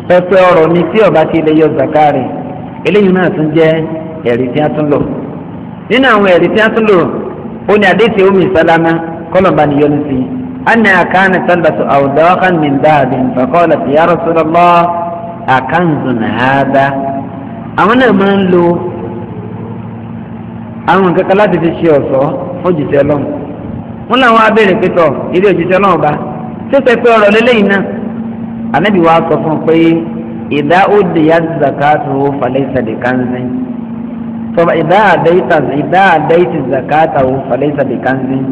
pẹpẹ ọ̀rọ̀ ni tí ọba ti lè yọ zakari eléyìí náà tún jẹ ẹ̀rí tí a tún lò nínú àwọn ẹ̀rí tí a tún lò ó ní adéṣe omi sálámà kọlọmba ni yọnu sí ana akáni talbatu awudawakan min daabi fakọọlá ti ya Rasulullah akanzun hada àwọn náà máa ń lo àwọn kankan láti fi ṣe ọ̀ṣọ́ lọ́wọ́ wọn làwọn abẹ́rẹ́ pẹ́tọ̀ ilé lọ́wọ́ bá ṣé ọ̀rọ̀ lélẹ́yìn anabi wa sọ fún pé ìdá òde ya zakatu falẹ́sà di kanzin tọba ìdá àdáyìtà ìdá àdáyìtì zakata wò falẹ́sà di kanzin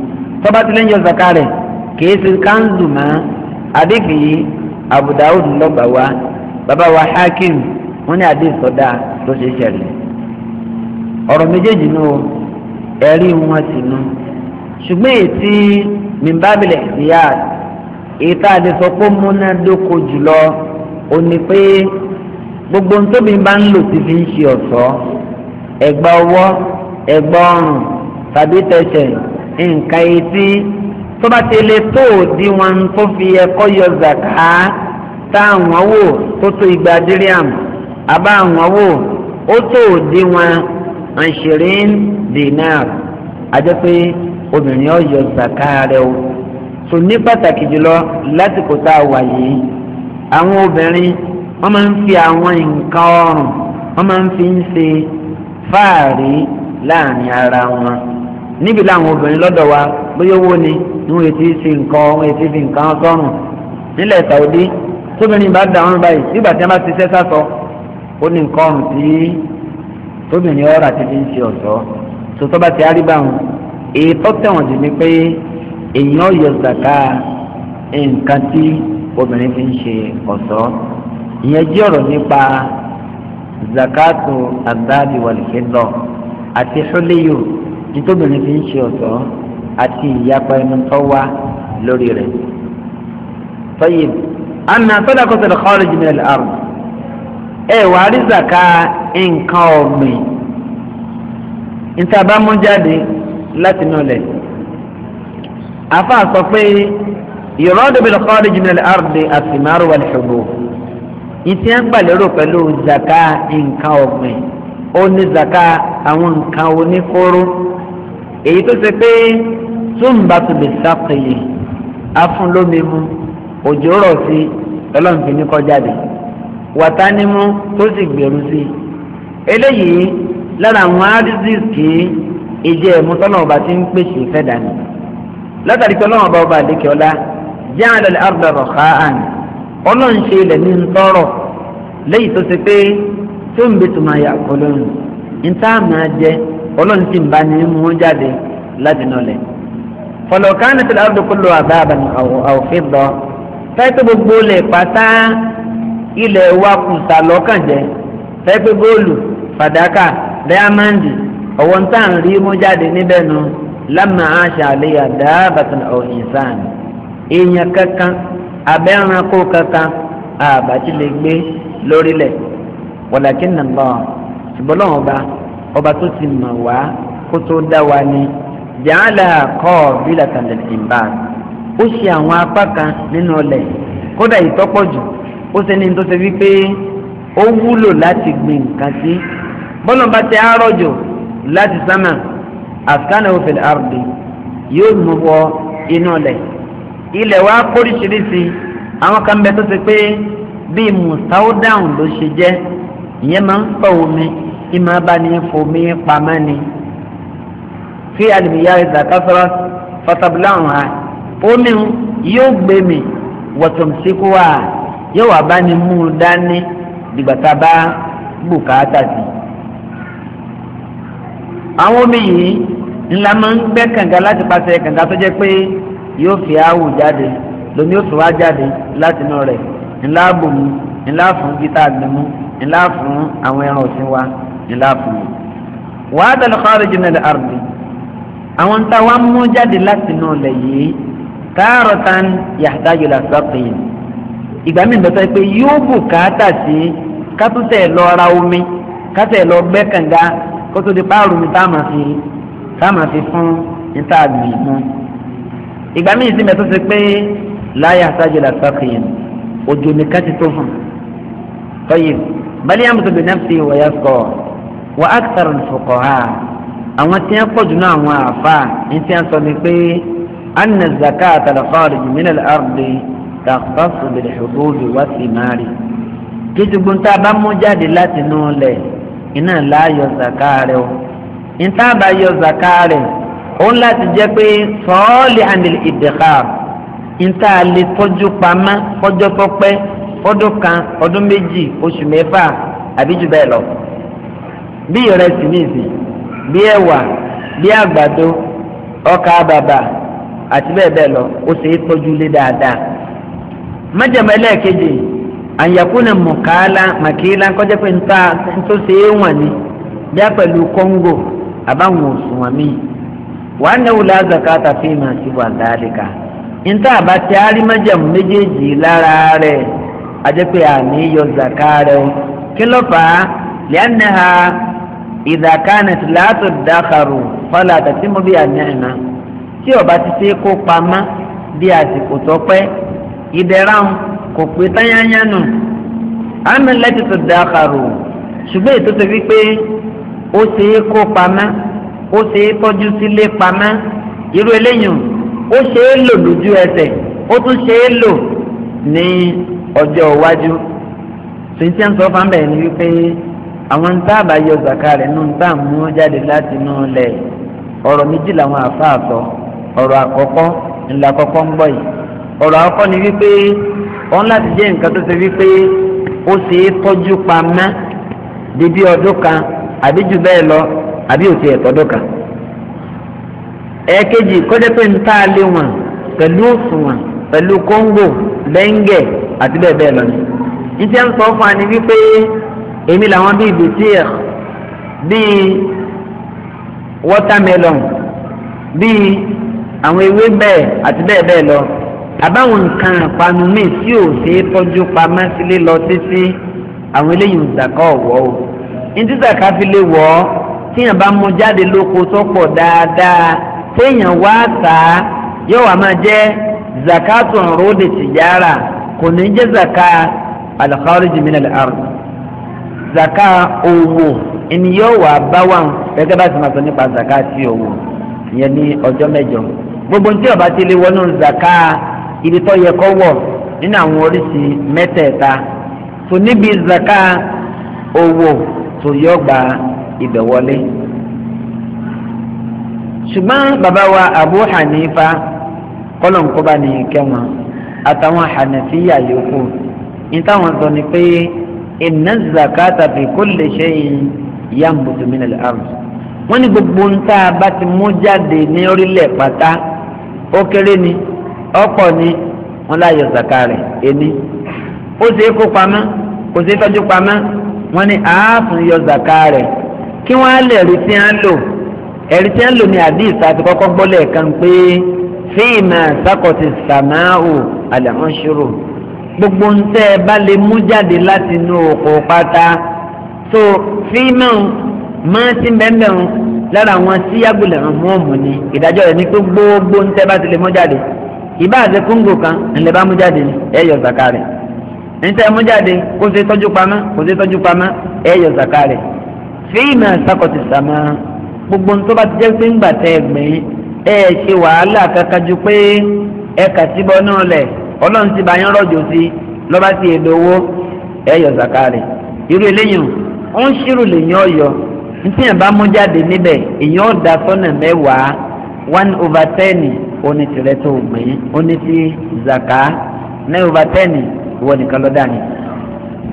tọba tilẹ̀ ń yọ zakare kìí kanzu mọ́ adéfi Abu Dawud lọ́gbà wa baba wa hakim wọ́n ní adé sọ́dá tó ṣe ṣẹlẹ̀ ọ̀rọ̀ méjèèjì nù ẹ̀rí wọn sì nù ṣùgbọ́n ètí mímbábìlẹ̀ ìyá ìta àdìsọ́pọ̀ múnádóko jùlọ ò ní pé gbogbo ntóbi bá ń lò ti fi ń ṣe ọ̀ṣọ́ ẹ̀gbà ọwọ́ ẹ̀gbà ọrùn tàbí tẹ̀sẹ̀ nǹkan etí tó bá ti lè tó òdi wọn tó fi ẹ̀kọ́ yọ zàká tá àwọn wò tó tó igba díríàmù àbá àwọn wò ó tó òdi wọn àṣírí dìnnà àjẹpé obìnrin ọ̀yọ́ zàká rẹ̀ o so ní pàtàkì jùlọ lásìkò tá a wà yìí àwọn obìnrin wọ́n máa ń fi àwọn nǹkan ọrùn wọ́n máa ń fi ń ṣe fáàrí láàrin ara wọn níbi láwọn obìnrin lọ́dọ̀ wa bóyá owó ni ní wọ́n ti ṣe nǹkan wọ́n ti fi nǹkan sọ́rùn nílẹ̀ Saudi tóbìnrin bá dà wọ́n báyìí nígbà tí wọ́n bá ti ṣẹ́ sásọ ó ní nǹkan ọrùn tí tóbìnrin ọ̀rọ̀ àti fi ń ṣe ọ̀ṣọ́ tó bá ti á rí báwọn èyí tó tẹ̀wọ̀n jù ni pé èèyàn yọ zaka nǹkan tí obìnrin fi ń ṣe ọ̀ṣọ́ ìyẹn jẹ́ ọ̀rọ̀ nípa zakatu adáàbí wàlìkẹ́dọ̀ àti ṣọléyò nítòbìnrin fi ń ṣe ọ̀ṣọ́ àti ìyapa ẹnu tó wá lórí rẹ̀. tọ́yìn anna sadaqatul kharij min al-ard ẹ wà á rí zaka nǹkan ọ̀gbìn níta bá mú jáde láti nulẹ̀ afa sọ pé ìrọ́dọ̀ bí lọ́kọ́ ọ̀rẹ́jì ní àrùdí àtìmárù wà lẹ́hìnbó ìtì ń gbà lérò pẹ̀lú zaka nǹkan ọ̀gbìn ó ní zaka àwọn nǹkan oníkóró èyí tó ṣe pé túmbàtú lè sàkèyè afúnlómimu òjò rọ̀ sí ọlọ́mfin ní kọjáde wàtánímú tó sì gbèrú sí eléyìí lára àwọn arísíkì ìjẹ́ ìmúsọ́nà ọba tí ń pèsè fẹ́ dání látàrí pé ọlọ́run ọba ọba àdékè ọlá jáàlẹ̀ àrùdà rọ̀háàn ọlọ́run ṣe ilẹ̀ ní ntọ́rọ̀ lẹ́yìn tó ṣe pé tó ń bẹ tó máa yà kọ́ lónìí níta máa jẹ ọlọ́run sì ń bá ní mú wọn jáde láti nọlẹ̀. fọlọ́kánì tí àrùdà kò lọ àbá àbàní àwòfin lọ fẹ́ẹ́ gbogbo lè pátá ilẹ̀ wa kùsà lọ́kàn jẹ fẹ́ẹ́ pé góòlù fàdákà dáyámáǹdì ọ̀wọ́ntàn rí mú jáde níbẹ̀ náà lámà àṣà àléyà dáàbàtàn ọ̀hìnsán èèyàn kankan abẹ́ranko kankan àbàtí lè gbé lórílẹ̀ wàlàkì nàmbà ṣùgbọ́n lọ́wọ́ ọba ọba tó ti mọ̀ wá kó tó dá wa ni jàǹlà kọ́ bílà tàlẹ́tìmbà ó ṣe àwọn apá kan nínú ọlẹ̀ kódà ìtọ́pọ̀ jù ó ṣe ní tó ṣe wípé ó wúlò láti gbin nǹkan sí bọ́lọ̀ bá ti àárọ̀ jù láti sámà askanahu fil ardi yóò mú wọ inú lẹ̀ ilẹ̀ wa kórìṣiríṣi àwọn kan bẹ tó ti pé bíi mùsáwùdáhùn ló ṣe jẹ́ ìyẹn máa ń fọ omi ìmọ̀ abáni fomi pamọ́ ni fi àlùmíyá ìzàkásọ́rọ́ fọ́tàbíláhùn ha omi yóò gbé mi wọ̀tọ̀mùsíkú wa yóò wà bá ní mú un dání dìgbà bá bùkátà sí àwọn omi yìí ńlá máa ń gbẹ́ kànga láti pàṣẹ kànga tó jẹ́ pé yóò fi áwù jáde lomi yóò fi wá jáde láti inú rẹ̀ ńlá bùnmi ńlá fún gítà gbẹmú ńlá fún àwọn ẹran ọ̀sìn wa ńlá fún mi. wàá dàlú kọ́ọ̀rẹ́jì náà àrùbí àwọn tá a wá mú jáde láti inú rẹ̀ yìí káàrọ̀ tán yàtá yóò lọ sọ́ọ̀tì yìí ìgbà mi bẹ̀tẹ̀ pé yóò bùkátà sí kátútẹ̀ lọ ra omi kátẹ̀ lọ gbẹ́ kànga kó tó di páàrù mi tá a máa fi tá a máa fi fún níta àgbì mú. ìgbà míì sí mẹ́tọ́ ti pé láyé àṣáájú làtàkìyàn òjò nìkan ti tó fún. tọ́yì balẹ̀ àmọ̀tò bìnnà fi wọ̀yà sọ̀ wà á kàrọ̀ nìfọ̀kọ̀ ha àwọn tí wọ́n pọ̀ jù náà àwọn àfa ní tí wọ́n sọ ni pé anna zakat al-kharij min al-ardi takhtassu bil-hubub wa thimari kí gbogbo ń tá a bá mú jáde láti nù lẹ̀ iná láàyò zaka rẹ o ìtàbà yọ zaka rẹ òun láti jẹ́ pé sọ́ọ́lì àndìlì ìdẹ̀kàr ìta lè tọ́jú pamọ́ fọjọ́ tó pẹ́ ọdún kan ọdún méjì oṣù mẹ́fà àbí jù bẹ́ẹ̀ lọ bí ìrẹsì nìsí bí ẹ̀wà bí àgbàdo ọkà bàbà àti bẹ́ẹ̀ bẹ́ẹ̀ lọ ó ṣe é lé dáadáa májèmọ́ ẹlẹ́ẹ̀kejì yìí àyàkúnà mọ̀kálá màkìlá kọjá pé nta tó ṣe é wọ̀n ni bí a pẹ̀lú kóńgò àbáwọn òṣùwọ̀n mi wà á náwó láàzà káàtà fi mà sí wà dáríkà nta àbá ti àrímájàmù méjèèjì lára rẹ̀ àjẹpẹ́ àmì yọ zàká rẹ̀ o kí ló fà á lẹ́nà ha ìdàkánà tí látò fọlá àtàtì mọ́ bí àmì àná tí ọba ti ṣe kó pamọ́ bí àsìkò tó pẹ́ kò pé táyáyá nù àmì lẹ́tì tó da àkàrò ṣùgbọ́n ètò tó fi pé ó ṣe é kó pamọ́ ó ṣe é tọ́jú sílé pamọ́ irú eléyìí ó ṣe é lò lójú ẹsẹ̀ ó tún ṣe é lò ní ọjọ́ iwájú tòǹtì à ń sọ fáńbẹ̀ ni wípé àwọn ń táàbà yọ zaka rẹ̀ nù ń tà mú jáde láti inú lẹ̀ ọ̀rọ̀ méjì làwọn àfáà sọ ọ̀rọ̀ àkọ́kọ́ ńlá àkọ́kọ́ ń bọ̀ yìí ọ̀rọ̀ àkọ́kọ́ ni wípé ọ̀n láti jẹ́ nǹkan tó ṣe wípé ó ṣe é tọ́jú pamọ́ débi ọdún kan àbí jù bẹ́ẹ̀ lọ àbí ó ti ẹ̀tọ́dún kan. ẹ̀ẹ̀kejì kọ́jẹ́ pé ń tá a lé wọn pẹ̀lú òṣùwọ̀n pẹ̀lú kóńgò lẹ́ńgẹ̀ àti bẹ́ẹ̀ bẹ́ẹ̀ lọ ni. ìṣe ń sọ fún wa ni wípé èmi làwọn bíi bìtíẹ̀ bíi wọ́tàmẹ́lọ̀n bíi àwọn ewébẹ̀ àti bẹ́ẹ̀ bẹ́ẹ̀ lọ àbáwọn nǹkan àpanu míì tí ò ṣe é tọ́jú pamọ́ sílé lọ títí àwọn eléyìí ń zàkà ọ̀wọ́ o ní zàkà fi lè wọ́ tíyàn bá mú jáde lóko tó pọ̀ dáadáa téèyàn wá tà á yóò wá máa jẹ́ zakatu ròde tìjára kò ní jẹ́ zaka al-kharij min al-ard zaka owó ẹni yóò wá bá wà gẹ́gẹ́ bá ti máa sọ nípa zakati owó ìyẹn ní ọjọ́ mẹ́jọ gbogbo ní tí ó ti lè wọnú zaka ibi tó yẹ kó wọ̀ nínú àwọn oríṣi mẹ́tẹ̀ẹ̀ta tó níbi zaka owó tó yọ gba ibẹ̀ wọlé. ṣùgbọ́n bàbá wa Abu Hanifa kọ́lọ̀nkọ́ba ní kẹwọn àtàwọn Hanafiya yòókù ní táwọn sọ ni pé inna zakata fi kulli shay'in yanbutu min al-ard wọ́n ní gbogbo ń tá a bá ti mú jáde ní orílẹ̀ pátá ó kéré ni ọ̀pọ̀ ni wọ́n láyọ zaka rẹ̀ ẹni ó ṣe é kó pamọ́ kò ṣe é tọ́jú pamọ́ wọ́n ní ààfin yọ zaka rẹ̀ kí wọ́n á lè rí tí wọ́n lò ẹ̀rí tí lò ní àdìs àti kọ́kọ́ gbọ́lẹ̀ kan pé fíìmà sákọ̀tì sàmáhù àlàmọ́ṣúrò gbogbo ń bá lè mú jáde láti inú òkò pátá so fíìmà máa ti bẹ́ẹ̀ lára àwọn síyágùlẹ̀ ọ̀hún ọ̀mù ni ìdájọ́ rẹ̀ ni pé gbogbo ń bá ti lè mú jáde ìbá àti kóńgò kan ńlẹ̀ bá mú jáde ẹ yọ zaka rẹ̀ níta mú jáde kó ṣe tọ́jú pamọ́ kó ṣe tọ́jú pamọ́ ẹ yọ zaka rẹ̀ fíìmù àsakọ̀tì sàmà gbogbo ní tó bá ti jẹ́ pé ńgbà tẹ́ ẹ gbìn ẹ ṣe wàhálà kankan ju pé ẹ kà sí náà lẹ̀ ọlọ́run ti bá yín rọ̀jò sí lọ́ba ti èlò owó ẹ yọ zaka rẹ̀ irú eléyìí ó ń ṣírù lèyìn ọ̀yọ́ ní tí bá mú jáde níbẹ̀ èyí ó da sọ́nà mẹ́wàá one over ten ó ní tirẹ̀ tó gbìn ó ní ti zaka náà yóò bá tẹ́ni ìwọ nìkan lọ́dà ni.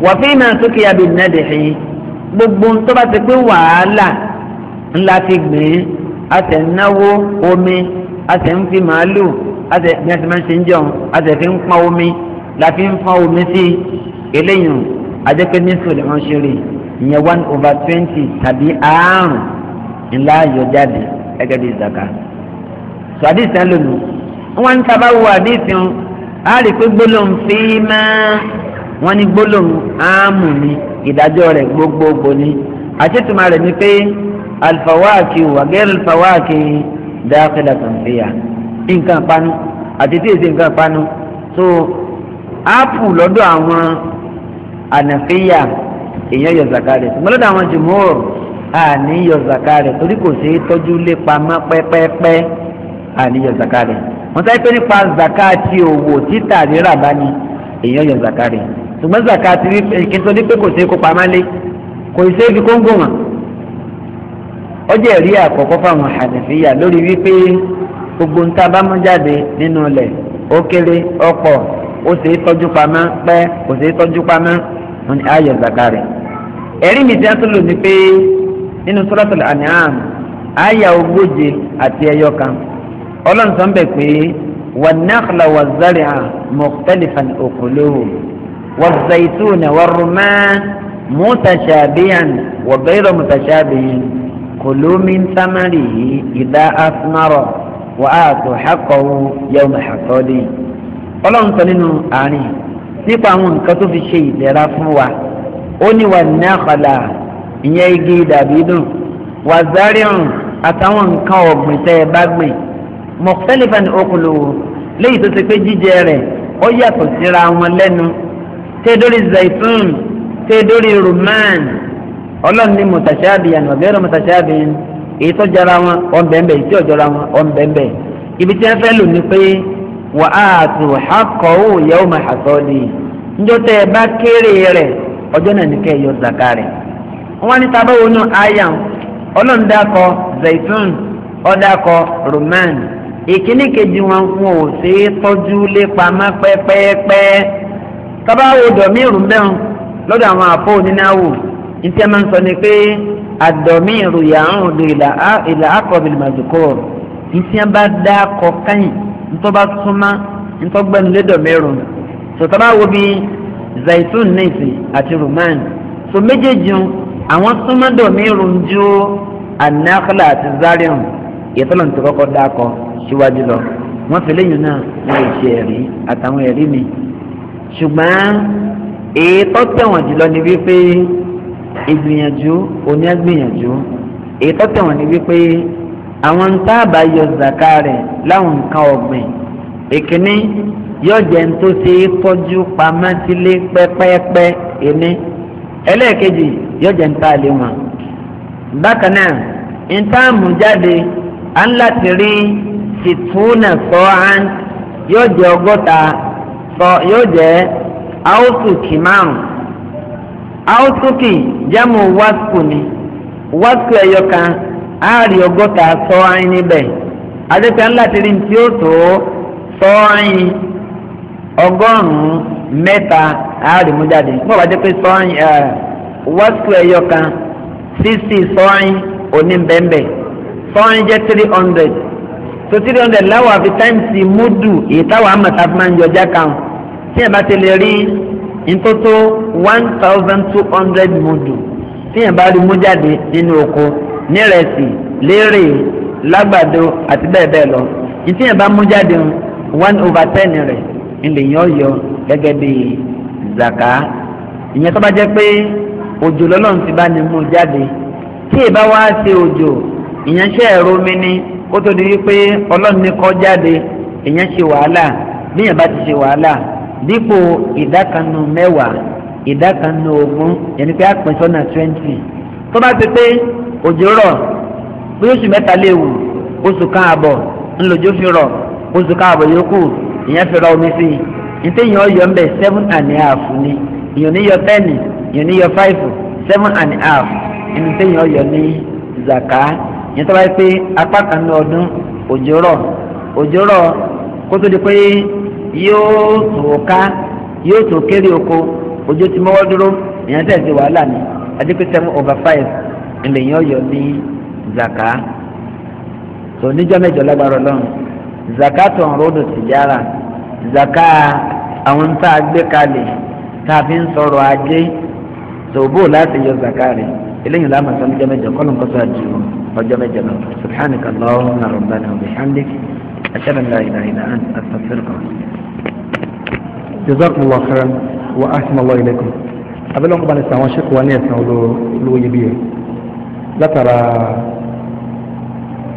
wàfíì máa sókè abì nàdìhì gbogbo tó bá ti pé wàhálà ńlá fi gbìn a sì ń náwó omi a sì ń fi màálù a sì ní a máa ń ṣe ń jọun a fi ń pọn omi la ń pọn omi sí eléyìí adékè ní sùn lè ṣe rí ìyẹn one over twenty tàbí àárùn ńlá yọ jáde ẹgẹ́ zaka sọ àdìsí náà lónìí wọn ń sábà wo àdìsí wọn á rí i pé gbólóhùn fi máa wọn ní gbólóhùn áàmù ni ìdájọ́ rẹ̀ gbogbogbò ni àṣetùmọ̀ rẹ̀ ni pé alifawaki wàgẹ́rẹ́ alifawaki dákẹ́lá tàǹfẹ̀yà nǹkan panu àti èsì nǹkan panu so áàpù lọ́dọ̀ àwọn ànàfẹ́yà èèyàn yọ zakari ṣùgbọ́n lọ́dọ̀ àwọn jùmọ̀ àní yọ zakari torí kò sí tọ́jú lé pamọ́ pẹ́pẹ́pẹ́. Pẹ, pẹ, pẹ àníyọ zaka rẹ̀ wọ́n sáré pé nípa zaka ti owó títà rírà bá ní èèyàn yọ zaka rẹ̀ ṣùgbọ́n zaka ti rí kí n sọ ní pé kò ṣeé kó pamọ́ lé kò ṣeé fi kóńgò wọn. ó jẹ́ ẹ̀rí àkọ́kọ́ fáwọn Hanafiya lórí wípé gbogbo ń bá mú jáde nínú ilẹ̀ ó kéré ó pọ̀ ó tọ́jú pamọ́ pẹ́ kò ṣeé tọ́jú pamọ́ wọn ni ayọ̀ zaka rẹ̀ ẹ̀rí mi ti á tó lò ní pé nínú Suratul An'am àyà ogóje àti ẹyọ kan ọlọ́run sọ ń bẹ̀ pé wànáàkìlà wà zárìà mọ̀tẹ́lifàn òkúlówó wà zaitun wà rúmá mùtàṣàbíyàn wà bẹ́rọ mùtàṣàbíyàn kùlùmí sámárì yìí ìdá asmárọ̀ wà á tó xàkọ́wó yẹ́wò màxàkọ́dé. ọlọ́run nínú àárín nípa àwọn nǹkan tó fi ṣe ìdẹ̀ra fún wa ó ní wànáàkìlà ìyẹn igi dàbí dùn wà zárìà àtàwọn nǹkan ọ̀gbìn tẹ́ ẹ bá gbìn. mọ̀tẹ́lifẹ̀ni okòlò léyìí tó ti pé jíjẹ rẹ̀ ó yàtọ̀ síra wọn lẹ́nu tẹ́dórí zaitun tẹ́dórí rumman ọlọ́run ní mutashabiyan ọ̀gẹ́rọ̀ mutashabiyan èyí tó jara wọn ọ̀nbẹ̀nbẹ̀ èyí tí ibi tí wọ́n fẹ́ lò ní pé wà á tù hakọ̀ ó yẹ́wò máa hakọ̀ ni njọ́ tẹ́ ẹ bá kéré rẹ̀ ọjọ́ náà zaka rẹ̀ wọ́n ní wọnú ọlọ́run dákọ̀ zaitun ìkíní kejì wọn fún ò sí tọ́jú lépamọ́ pẹ́pẹ́pẹ́ tọ́ba wo dọ̀mí ìrùn bẹ́ẹ̀ lọ́dọ̀ àwọn àpò onínáwó ntí a máa ń sọ ni pé àdọ̀mí ìrùn yà ń rùn ìlà àkọ́bìlì màdùkọ́ ntí a bá dá akọ káyìn ntọ́ba súnmọ́ ntọ́gbẹ́ni lédọ̀mí ìrùn sọtọ́ba wo bíi zaitun nìsí àti roman so méjèèjì àwọn súnmọ́ dọ̀mí ìrùn ju anáhàlà àti zarium ìtọ́lọ̀ ntí kọ́kọ́ dá akọ síwájú lọ wọ́n fi lẹ́yìn náà wọ́n lè ṣe ẹ̀rí àtàwọn ẹ̀rí mi ṣùgbọ́n èyí tó jùlọ ni wípé ìgbìyànjú òní àgbìyànjú èyí tó tẹ̀wọ̀n ni wípé àwọn ń tá àbá yọ zàká rẹ̀ láwọn nǹkan ọ̀gbìn ìkíní yóò jẹ́ ń tó ṣe é tọ́jú pamọ́ sílé pẹ́pẹ́pẹ́ ẹni ẹlẹ́ẹ̀kejì yóò jẹ́ ń tá wọn. bákan náà ń tá àmújáde á ń láti rí situna sọ́hán yóò jẹ́ ọgọ́ta sọ yóò jẹ́ aosuki márùn aosuki jẹ́mu wasku ni wasku ẹ̀yọ kan ààrẹ ọgọ́ta sọ́hán níbẹ̀ adékan láti rí tí ó tó sọ́hán ọgọ́rùn-ún mẹ́ta ààrẹ mú jáde bó bá jẹ́ pé sọ́hán wasku ẹ̀yọ kan sixty sọ́hán oníbẹ̀ẹ́bẹ̀ sọ́hán jẹ́ three hundred so three hundred láwọ̀ àfi táìmùsì múdù èyí táwọn amọ̀ta fi máa ń yọjá kan tí ẹ̀ bá ti lè rí ntótó one thousand two hundred múdù tí ẹ̀ bá rí mú jáde nínú oko nírẹ̀sì lérè lágbàdo àti bẹ́ẹ̀ bẹ́ẹ̀ lọ ìtí ẹ̀ bá mú jáde one over ten rẹ̀ ńlẹ̀yìn ọ̀yọ́ gẹ́gẹ́ bí zaka ìyẹn tó bá jẹ́ pé òjò lọ́lọ́run ti bá ní mú jáde tí ì bá wá ṣe òjò ìyẹn ṣe ẹ̀rọ mi ní. kó tó di wípé ọlọ́run ní kọ́ jáde èèyàn ṣe wàhálà bíyàn bá ti ṣe wàhálà dípò ìdákanu mẹ́wàá ìdákanu ogún yẹn ni pé àpín twenty tó bá ti pé òjò rọ̀ bí oṣù mẹ́ta léwu oṣù kan àbọ̀ ńlọjọ́ fi rọ̀ oṣù kan àbọ̀ yòókù fi rọ omi sí i ntẹ̀yìn ọ̀yọ́ mbẹ̀ seven and a half ni ìyọ̀ níyọ ten five seven and a half zaka. yẹn tó bá yẹ pé apá kan ní ọdún òjò rọ̀ òjò rọ̀ kó tó di pé yóò tó ká yóò tó kéré oko òjò ti mọ́wọ́ dúró èèyàn tẹ̀ sí wàhálà ni adékè seven over five èlèyàn yọ ní zaka tó níjọ́ mẹ́jọ lágbára Ọlọ́run zaka tó ń ròdò tìjára zaka àwọn tá a gbé kalẹ̀ tá a fi ń sọ̀rọ̀ ajé tó bó láti yọ zaka rẹ̀ eléyìí láàmà sọ ọjọ́ mẹ́jọ kọ́ ló ń kọ́sọ́ àti ọjọ́ mẹ́jọ lọ subhanaka allahumma rabbana wa bihamdik ashhadu an la ilaha illa anta astaghfiruka jazakumullahu khairan wa ahsana allah ilaykum abẹ́lẹ́ ọkọ̀ bá ní sàn àwọn ṣẹ́kù wa ní ẹ̀sán olówó yẹ bí yẹ látara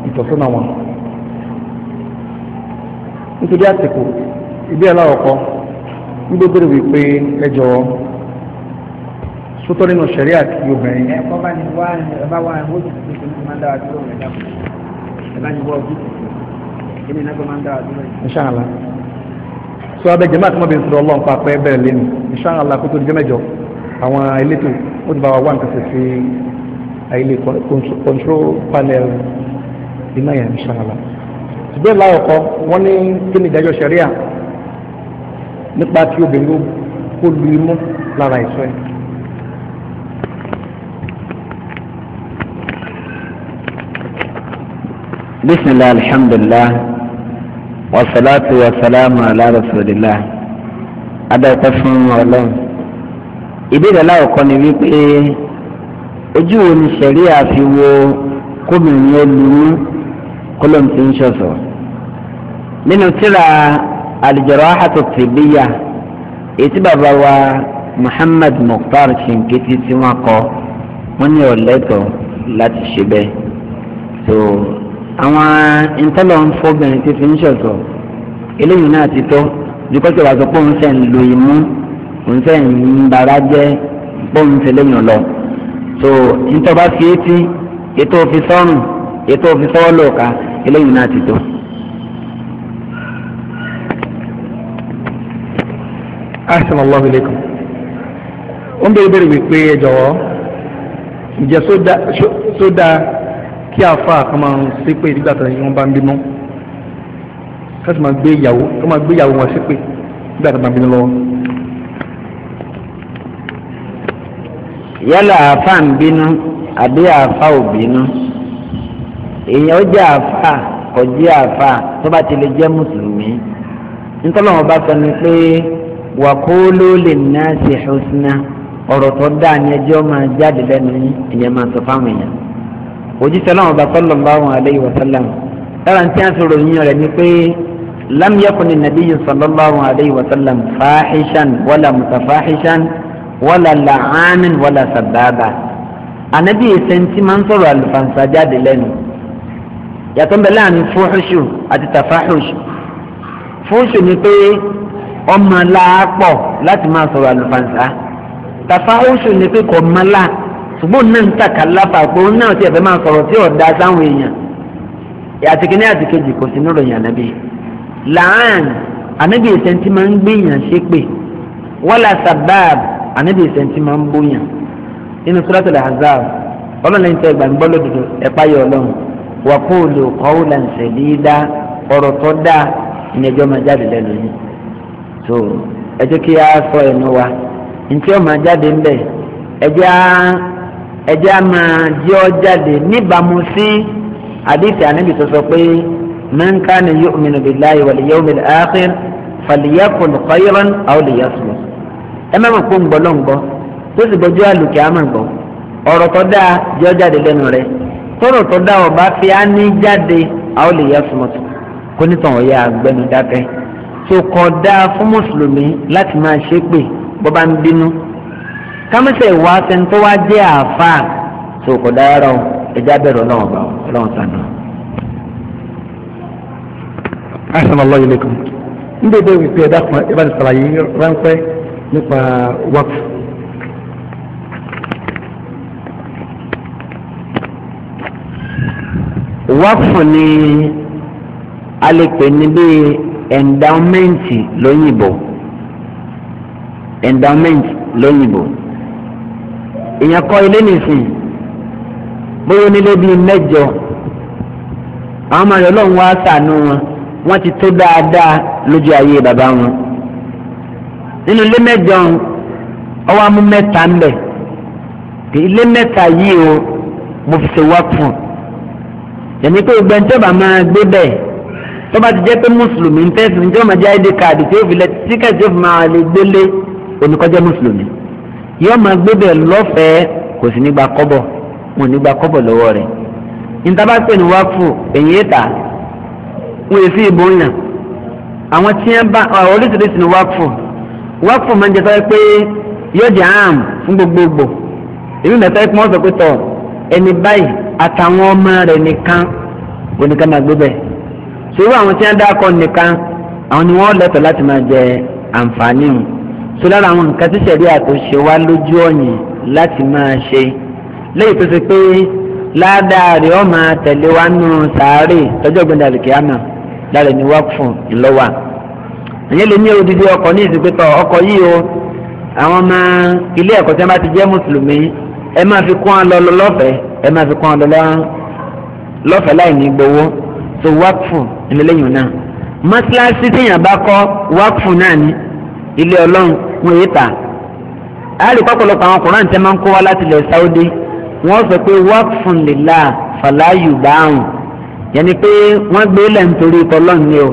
ìtọ́sọ́nà wọn nítorí àtìkù ìbí ẹ̀ láwọ̀ kọ́ ń gbé bèrè wípé ẹjọ́ sótọ́ nínú sẹ̀rí àti obìnrin. ẹ kọ́ bá ní wá ẹ bá wá owó tuntun tó ti máa ń dára dúró rẹ̀ dáko ẹ bá ní wá ojú tuntun kí ni náà máa ń dára dúró rẹ̀. inṣàlá so abẹ jẹ máa tí wọn bẹ sọ̀rọ̀ Ọlọ́run pa pẹ bẹ̀rẹ̀ lẹ́nu inṣàlá kó tó di jẹmẹjọ àwọn elétò ó ti bá wa wá nǹkan ṣe sí àìlè control panel iná yẹn inṣàlá ṣùgbọ́n láwọ̀kọ́ wọ́n ní kí ni ìdájọ́ sẹ̀ríà nípa tí obìnrin kó lu imú lára ìṣọ́ yẹn. بسم الله الحمد لله والصلاة والسلام على رسول الله adọ́kọ́ fún ọlọ́run ìbéèrè aláwọ̀kọ́ ni wípé ojú wo ni sẹ̀ríà fi wo kóbìnrin olùmú kólóhùn tí ń ṣọ̀ṣọ̀ nínú tíra al-Jarahatu Tibbiya ètí bàbá wa Muhammad Mukhtar Shinkiti tí wọ́n kọ wọ́n ní ọ̀lẹ́tọ̀ láti ṣe bẹ́ẹ̀ so àwọn ìtọ́lọ̀ ń fọ́bìnrin ti fi ń ṣọ̀tọ̀ eléyìí náà ti tọ́ dùkọ́tì wàá sọ pé òun fẹ́ ń lo imú òun fẹ́ ń bara jẹ́ pé òun fẹ́ lẹ́yìn lọ so ìtọ́ba fi etí ètò òfin sọ́run ètò òfin sọ́wọ́ lòkà eléyìí náà ti tọ́. Assalamu alaykum ó ń bẹ̀rẹ̀ bẹ̀rẹ̀ wípé ẹ jọ̀wọ́ ǹjẹ́ sódà kí àáfàá kan máa ń ṣépè nígbà tó wọn bá ń bínú ká sì máa gbé ìyàwó ká máa gbé ìyàwó wọn ṣépè nígbà tó bá ń bínú lọ́wọ́. yálà àáfàá ń bínú àbí àáfàá ò bínú èèyàn ó jẹ́ àáfàá kò jẹ́ àáfàá tó bá ti lè jẹ́ mùsùlùmí nítorí wọn bá sọ ni pé wà kó ló lè ná sí husna ọ̀rọ̀ tó dáa ni ẹjọ́ máa jáde lẹ́nu yín ìyẹn máa sọ fáwọn èèyàn òjíṣẹ́ náà ọba sallallahu alayhi wa sallam lára tí a fi ròyìn rẹ̀ ni pé lam yakun nabiyyu sallallahu alayhi wa sallam fahishan wala mutafahishan wala la'anan wala sababa anabi ìsẹ̀ntì máa ń sọ̀rọ̀ àlùfànṣá jáde lẹ́nu yàtọ̀ ń bẹ láàrin fúhùṣù àti tàfáhùṣù fúhùṣù ni pé ọmọ làápọ̀ láti máa sọ̀rọ̀ àlùfànṣá ni pé kò mọ́ láà ṣùgbọ́n náà ń tàkà lápá pé òun náà ti ẹ̀fẹ́ máa sọ̀rọ̀ tí ò da sáwọn èèyàn àtìkíní àtìkejì kò sí níròyìn ànábì làán ànábì ìsẹ̀ntì máa ń gbìyàn ṣépè wala sabab ànábì ìsẹ̀ntì máa ń bóyàn nínú suratul ahzab ọlọ́run tẹ gbàgbọ́ lódodo ẹ̀páyọ̀ ọlọ́run wa qulu qawlan sadida ọ̀rọ̀ tó dáa ní ẹjọ́ máa jáde lẹ́nu yìí tó ẹjọ́ kí ọ máa ẹjẹ́ a máa jẹ́ ọ jáde níbàámu sí àdìsí ànábì tó sọ pé man kana yu'minu billahi wal yawmil akhir falyakun khayran aw liyasmut. ẹ má mọ̀ kó ń gbọ́ ló ń gbọ́ tó sì gbọ́jú àlùkè á má gbọ́ ọ̀rọ̀ tó dáa jẹ́ ọ jáde lẹ́nu rẹ̀ tọ́rọ̀ tó dáa ọba fi á ní jáde aw liyasmut kó nítorí ọ̀yà àgbẹ̀nu dákẹ́ tó kọ̀ dáa fún mùsùlùmí láti máa ṣépè bọ́ bá ń bínú kámẹ́sẹ̀ wá sẹ́ńtọ́ wá jẹ́ àáfà tó kò dára o ẹja bẹ̀rẹ̀ ọlọ́run bá ọlọ́run sànù. asan allah yìí lẹkùn n bẹ bẹ wípé ẹ dákun ẹ bá ní sàlàyé ránpẹ́ nípa wákù. ni a lè pè endowment lóyìnbó endowment lóyìnbó èèyàn kọ́ ilé nìsín bóyá onílé bíi mẹ́jọ àwọn ọmọ rẹ̀ ọlọ́run wá sànú wọn wọ́n ti tó dáadáa lójú ayé bàbá wọn nínú ilé mẹ́jọ ọwọ́ amú mẹ́ta ń bẹ̀ pé ilé mẹ́ta yìí o mo fi ṣe wá fún un pé gbogbo tó bá máa gbé bẹ́ẹ̀ tó bá ti jẹ́ pé mùsùlùmí ń tẹ̀sí ní tí id card tí ó fi lẹ́ tíkẹ́tì tó fi máa lè gbélé oníkọ́jẹ́ mùsùlùmí yóò máa gbé bẹ̀ lọ́fẹ̀ẹ́ kò sì ní gba kọ́bọ̀ wọn ò ní gba kọ́bọ̀ lọ́wọ́ rẹ̀ níta bá pè ní wákù èyí èta wọn èsì ìbò yàn àwọn tí wọn bá oríṣiríṣi ní wákù wákù máa ń jẹ sọ́yẹ́ pé yóò jẹ́ àm fún gbogbogbò èmi mẹ́ta ẹ̀ pọ́n sọ pé tọ̀ ẹni báyìí àtàwọn ọmọ rẹ̀ nìkan oníkan máa gbé bẹ̀ sòwò àwọn tí wọn nìkan àwọn ni wọn lẹ́tọ̀ọ́ láti máa jẹ àǹfààní wọn so lára àwọn nǹkan tí sẹ̀rí àtò ṣe wá lójú ọ̀yìn láti máa ṣe lẹ́yìn tó ṣe pé ládàá rẹ̀ ọ́ máa tẹ̀lé wa nù sàárè tọ́jú ọ̀gbìn dàlùkì àmà lára ẹni wá fún ìlọ́wà àyẹ́ lè ní odidi ọkọ̀ ní ìsìnkútọ̀ ọkọ̀ yìí o àwọn ọmọ ilé ẹ̀kọ́ tí wọ́n bá ti jẹ́ mùsùlùmí ẹ máa fi kún ọ lọ lọ́fẹ̀ẹ́ ẹ máa fi kún ọ lọ lọ́fẹ̀ẹ́ láì ní gbowó so wákùfù ìlẹ́lẹ́yìn náà mọ́sálásí tíyàn bá kọ́ wákùfù náà ní ilé ọlọ́run wọn yìí tà àárí pọ̀pọ̀lọpọ̀ àwọn Kùránì tẹ́ máa ń kó wá láti ilẹ̀ Saudi wọ́n sọ pé waqfun lillah fala yuba'u yẹni pé wọ́n gbé lẹ̀ nítorí tọ́lọ́n ni o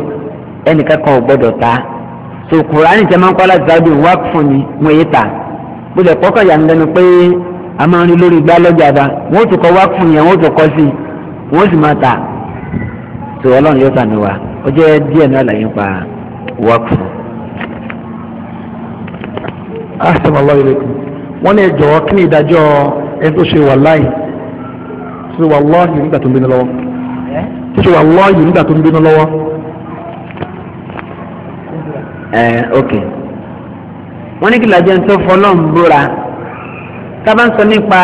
ẹnìkan ò gbọ́dọ̀ ta so Kùránì tẹ́ máa ń kó wá láti Saudi waqfun ni wọn yìí tà gbọdọ kọkọ yà ń lẹ́nu pé a máa ń rí lórí igbá lọ́jà dá wọn ò tún kọ waqfun yẹn wọn ò tún kọ sí wọn sì máa tà tó Ọlọ́run yóò sànù wa ó jẹ́ díẹ̀ náà làyín ahsan allah ilaykum wọ́n ní ẹ jọ̀wọ́ kí ni ìdájọ́ ẹ tó ṣe wàláhì tó ṣe wàláhì nígbà tó ń bínú lọ́wọ́ tó ṣe wàláhì nígbà tó ń bínú lọ́wọ́. ẹ ok wọ́n ní kí lajẹ́ ń tó fọlọ́n búra nípa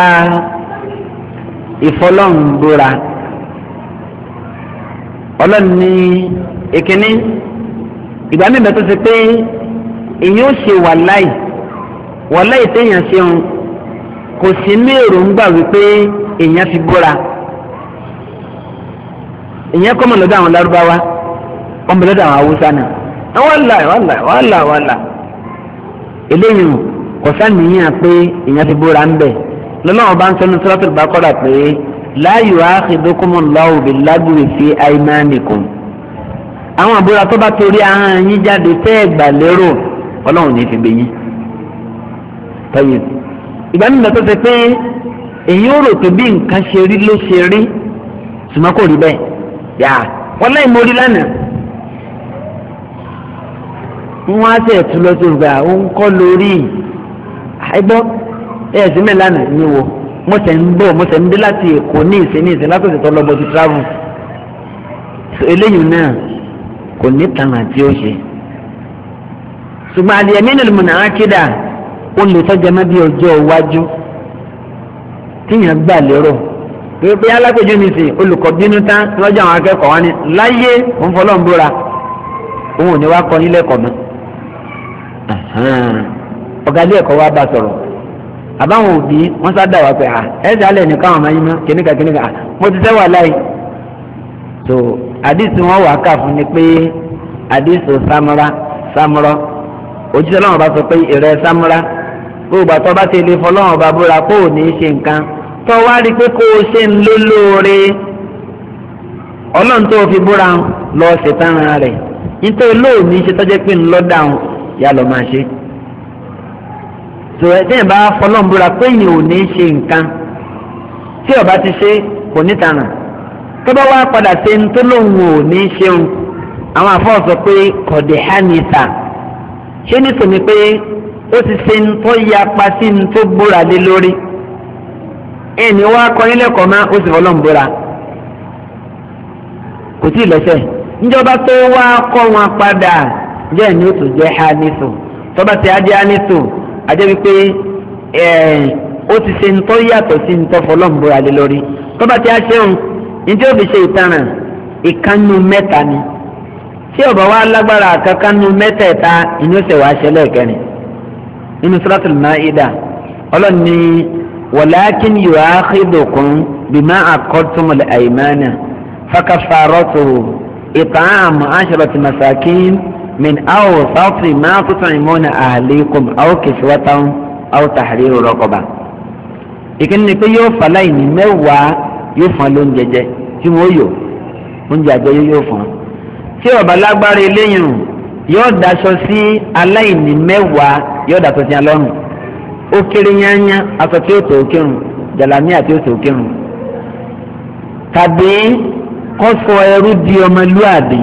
ìfọlọ́n búra ní ìkíní ìgbà mímẹ́ tó ṣe pé ìyẹn ó ṣe wàláhì wọ́lá ìtẹ̀yàn ṣeun kò sí ní èròǹgbà wípé èèyàn fi búra èèyàn kọ́ mọ̀ lọ́dọ̀ àwọn lárúbáwá wọ́n mọ̀ lọ́dọ̀ àwọn haúsá náà wàlà wàlà wàlà wàlà eléyìí kò sáníyàn pé èèyàn fi búra ń bẹ̀ lọ́lọ́wọ́ bá ń sọ ní Suratul Baqara pé la yu'akhidukumullahu bil-lagwi fi aymanikum àwọn àbúrò àtọ́bá torí ahọ́n yín jáde tẹ́ lérò ọlọ́run ní fi gbé yín tọ́yì ìgbà mímu tó ṣe pé èyí ò rò pé bí nǹkan ṣe rí ló ṣe rí ṣùgbọ́n kò rí bẹ́ẹ̀ yà wọ́n láì mórí lánàá wọ́n á sẹ̀ tún lọ sí ìgbà òun kọ́ lórí àìgbọ́ ẹ̀ sí mẹ́ lánàá ní wo mo tẹ̀ ń bọ̀ mo tẹ̀ ń dé láti èkó ní ìsìn ní ìsìn látòsí tó lọ́bọ̀ ti travel eléyìí náà kò ní tàn àti ó ṣe ṣùgbọ́n àdìyẹ nínú ìmọ̀nà ákédà ó lè tọ́jà má bí ọjọ́ iwájú tíyàn gbà lérò pé alápèjọ mi sì olùkọ́ bínú tán lọ́jọ́ àwọn akẹ́kọ̀ọ́ wa ni láyé òun fọlọ́ ń búra òun ò ní wá kọ́ yín lẹ́kọ̀ọ́ ọ̀gá ilé ẹ̀kọ́ wa bá sọ̀rọ̀ àbáwọn òbí wọ́n sá dà wá pé ẹ̀sẹ̀ alẹ́ nìkan àwọn ọmọ yín mọ́ kìnnìkan kìnnìkan mo ti tẹ́ láyé so àdìsí wọn wà ká fún ni pé àdìsí samura samura òjíṣẹ́ náà wọ́n bá sọ pé ìrẹ́ samura gbogbo àtọ́ bá ti lè fọlọ́run ọba búra kó ò ní í ṣe nǹkan tó wá rí i pé kó o ṣe ń lé lóore ọlọ́run tó o fi búra lọ ṣètàn rẹ̀ nítorí olóòní ṣe tọ́jẹ́ pé ń lọ dáhùn yá lọ máa ṣe. sọ̀rọ̀ ẹ̀dẹ́n bá fọlọ́run búra pé èèyàn ò ní í ṣe nǹkan tí ọba ti ṣe kò ní tanà tó bá wá padà ṣe ń tó lóun ò ní í ṣeun àwọn àfọwọ́sọ pé kọ̀dẹ̀ ṣé nítorí ó ti ṣe ń tọ́ pa sí ń tó búra lé lórí ẹni wá kọ́ nílẹ̀ kọ́ máa ó sì fọlọ́n búra kò si ì níjọba tó wá kọ́ wọn padà jẹ́ ẹni ó tún jẹ́ hanisu tọ́ba ti ajé hanisu ajẹ́ wípé ó ti ṣe ń tọ́ yàtọ̀ sí ń tọ́ fọlọ́n búra lé lórí tọ́ba ti aṣẹ́hùn o bi se ṣe ìtanràn nnu mẹ́ta ni tí ọ̀bọ̀ wa lágbára kankannu mẹ́tẹ̀ẹ̀ta ìní ṣẹlẹ̀ kẹrin. nínú suratul Maida ọlọ́run ní walakin yu'akhidukum bima aqadtumul aymana fakafaratuhu it'amu asharati masakin min awsati ma tut'imuna ahlikum aw kiswatuhum aw tahriru raqaba. ìkíni ni pé yóò fàlàyé ní mẹ́wàá yóò fún ọ lóúnjẹ jẹ tí wọ́n yọ oúnjẹ àjọyọ̀ yóò fún ọ tí ọba lágbára eléyìí yóò daṣọ sí aláìní mẹ́wàá yóò dàtọ̀ sí alọ́run ó kéré yányá aṣọ tí ó tó kírun jàlámíà tí ó tó kírun tàbí kọ́sọ ẹrú di ọmọlúàbí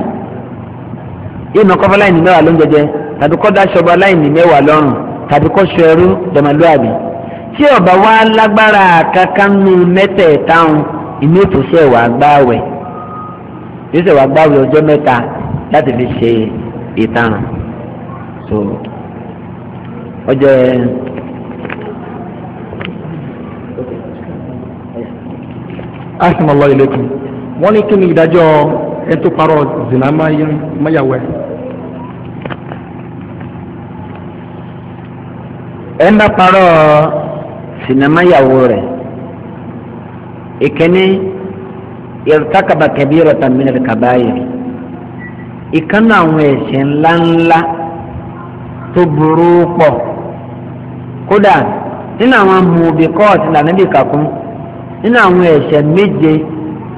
ìmọ̀ kọ́fọ́ láìní mẹ́wàá ló ń jẹjẹ tàbí kọ́ dáṣọba láìní mẹ́wàá lọ́rùn tàbí kọ́sọ ẹrú dọmọlúàbí tí ọba wa lágbára kankan nu mẹ́tẹ̀ẹ̀ta ń inú ìtòsí ẹ̀wà gbáwẹ̀ ìtòsí ẹ̀wà gbáwẹ̀ ọjọ́ mẹ́ta láti fi ṣe ìtanràn. So ọjọ́ ẹ. asan allah ilekum wọ́n ní kí ni ìdájọ́ ẹtú parọ́ zina mayàwó ẹ. ẹ ń bá parọ́ sinamayàwó rẹ̀ ìkíní irtakaba kabiratan min al-kabair ìkànnì àwọn ẹ̀ṣẹ̀ ńláńlá tó burú pọ̀. kódà nínú àwọn mùbíkọ́ọ̀tì lànàbì kàkún nínú àwọn ẹ̀ṣẹ̀ méje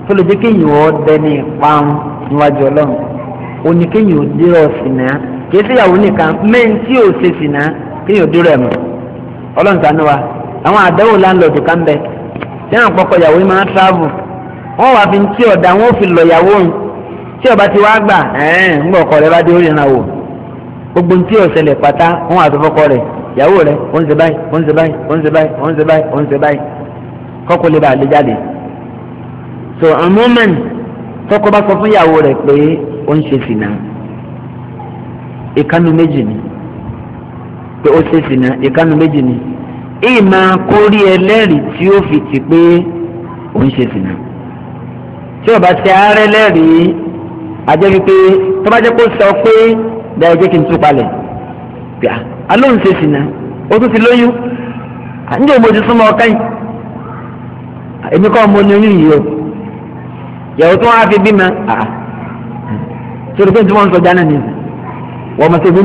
tó lè jẹ́ kéèyàn ọ́ dẹni ìparun níwájú ọlọ́run òní kéèyàn ò dírọ̀ sínà kìí nìkan mẹ́rin tí ò ṣe sínà kéèyàn ò dírọ̀ ẹ̀ mọ́ ọlọ́run sànú wa àwọn àdánwò láńlọ́ọ̀dù kan bẹ tí àwọn ìyàwó yìí máa ń tíráàbù fi tí ọ̀dà lọ ìyàwó òun tí ọba ti wá ọkọ rẹ bá dé orí ìrìnàwó gbogbo tí ò ṣẹlẹ̀ pátá ìyàwó rẹ̀ òun ṣe báyìí òun ṣe báyìí òun ṣe báyìí òun ṣe báyìí òun ṣe báyìí kọ́kọ́ lè bá a lè jáde. so àmúmẹ́ni tọkọ bá sọ fún ìyàwó rẹ̀ pé ó ń ṣe sìnà ìkànnì méjì ni pé ó ṣe sìnà ìkànnì méjì ni èyí máa kórí ẹlẹ́rìí tí ó fi ti pé ó ń ṣe sìnà tí ọba ti ààrẹ lẹ́rìí ajẹ́ wípé tó kó sọ pé dáa jẹ́ kí n tú palẹ̀ bíà alonso si na ó tún ti lóyún ǹjẹ́ òun mo ti súnmọ́ ọ̀ká èmi kọ́ mo ní yìí o yàwó tí wọ́n á fi bímọ àá sórí pé tí wọ́n ń sọ jáná nìyẹn wọ́n mọ̀ sí ló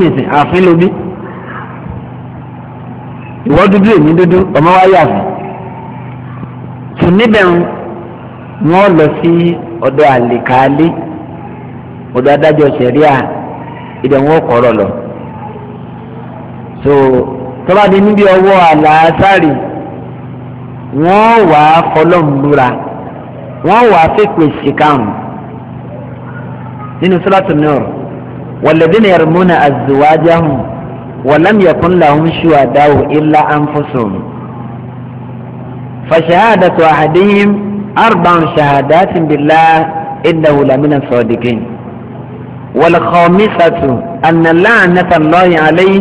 ọmọ wa yà fún tù níbẹ̀ lọ sí àlìkálí so tọ́ba di níbi ọwọ́ àlàásàrì wọ́n wà á fọlọ́mùbúra wọ́n wà á fèpè síkàmù nínú sọ́látù náà wàlẹ́dínlẹ̀ yẹ̀rọ̀mọ́nà àzùwájáhùn wàlámìyàkùn làwọn ṣùwàdáwò ilá ànfọ́sọ̀mù. فشهادة أحدهم أربع شهادات بالله إنه لمن الصادقين والخامسة أن لعنة الله عليه